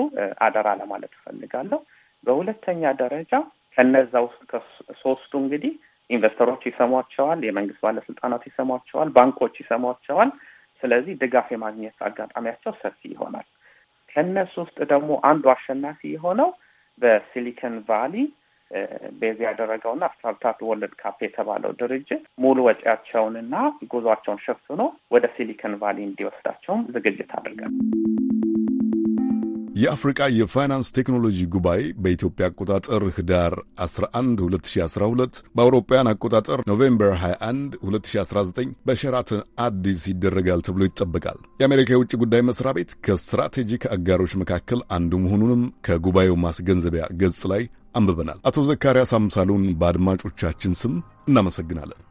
አደራ ለማለት እፈልጋለሁ። በሁለተኛ ደረጃ ከነዛ ውስጥ ሶስቱ እንግዲህ ኢንቨስተሮች ይሰሟቸዋል፣ የመንግስት ባለስልጣናት ይሰሟቸዋል፣ ባንኮች ይሰሟቸዋል። ስለዚህ ድጋፍ የማግኘት አጋጣሚያቸው ሰፊ ይሆናል። ከነሱ ውስጥ ደግሞ አንዱ አሸናፊ የሆነው በሲሊከን ቫሊ ቤዝ ያደረገውና ስታርታፕ ወርልድ ካፕ የተባለው ድርጅት ሙሉ ወጪያቸውንና ጉዟቸውን ሸፍኖ ወደ ሲሊከን ቫሊ እንዲወስዳቸውም ዝግጅት አድርገን የአፍሪቃ የፋይናንስ ቴክኖሎጂ ጉባኤ በኢትዮጵያ አቆጣጠር ህዳር 11 2012 በአውሮፓውያን አቆጣጠር ኖቬምበር 21 2019 በሸራተን አዲስ ይደረጋል ተብሎ ይጠበቃል። የአሜሪካ የውጭ ጉዳይ መስሪያ ቤት ከስትራቴጂክ አጋሮች መካከል አንዱ መሆኑንም ከጉባኤው ማስገንዘቢያ ገጽ ላይ አንብበናል። አቶ ዘካርያስ አምሳሉን በአድማጮቻችን ስም እናመሰግናለን።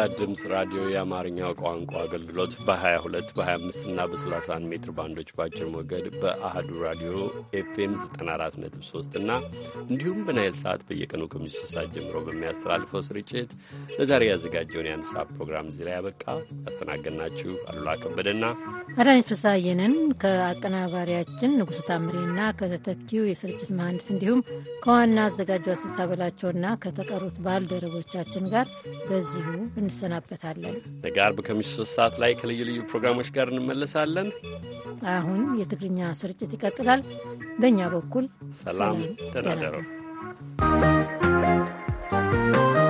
የአሜሪካ ድምፅ ራዲዮ የአማርኛው ቋንቋ አገልግሎት በ22 በ25 እና በ31 ሜትር ባንዶች በአጭር ሞገድ በአህዱ ራዲዮ ኤፍኤም 943 እና እንዲሁም በናይል ሰዓት በየቀኑ ከምሽቱ ሰዓት ጀምሮ በሚያስተላልፈው ስርጭት ለዛሬ ያዘጋጀውን የአንድ ሰዓት ፕሮግራም እዚህ ላይ ያበቃ። ያስተናገድናችሁ አሉላ ከበደና አዳነች ፍስሐዬንን ከአቀናባሪያችን ንጉሥ ታምሬና ከተተኪው የስርጭት መሐንዲስ እንዲሁም ከዋና አዘጋጇ ስስታበላቸውና ከተቀሩት ባልደረቦቻችን ጋር በዚሁ እንሰናበታለን። ነገ አርብ ከምሽቱ ሶስት ሰዓት ላይ ከልዩ ልዩ ፕሮግራሞች ጋር እንመለሳለን። አሁን የትግርኛ ስርጭት ይቀጥላል። በእኛ በኩል ሰላም፣ Thank you.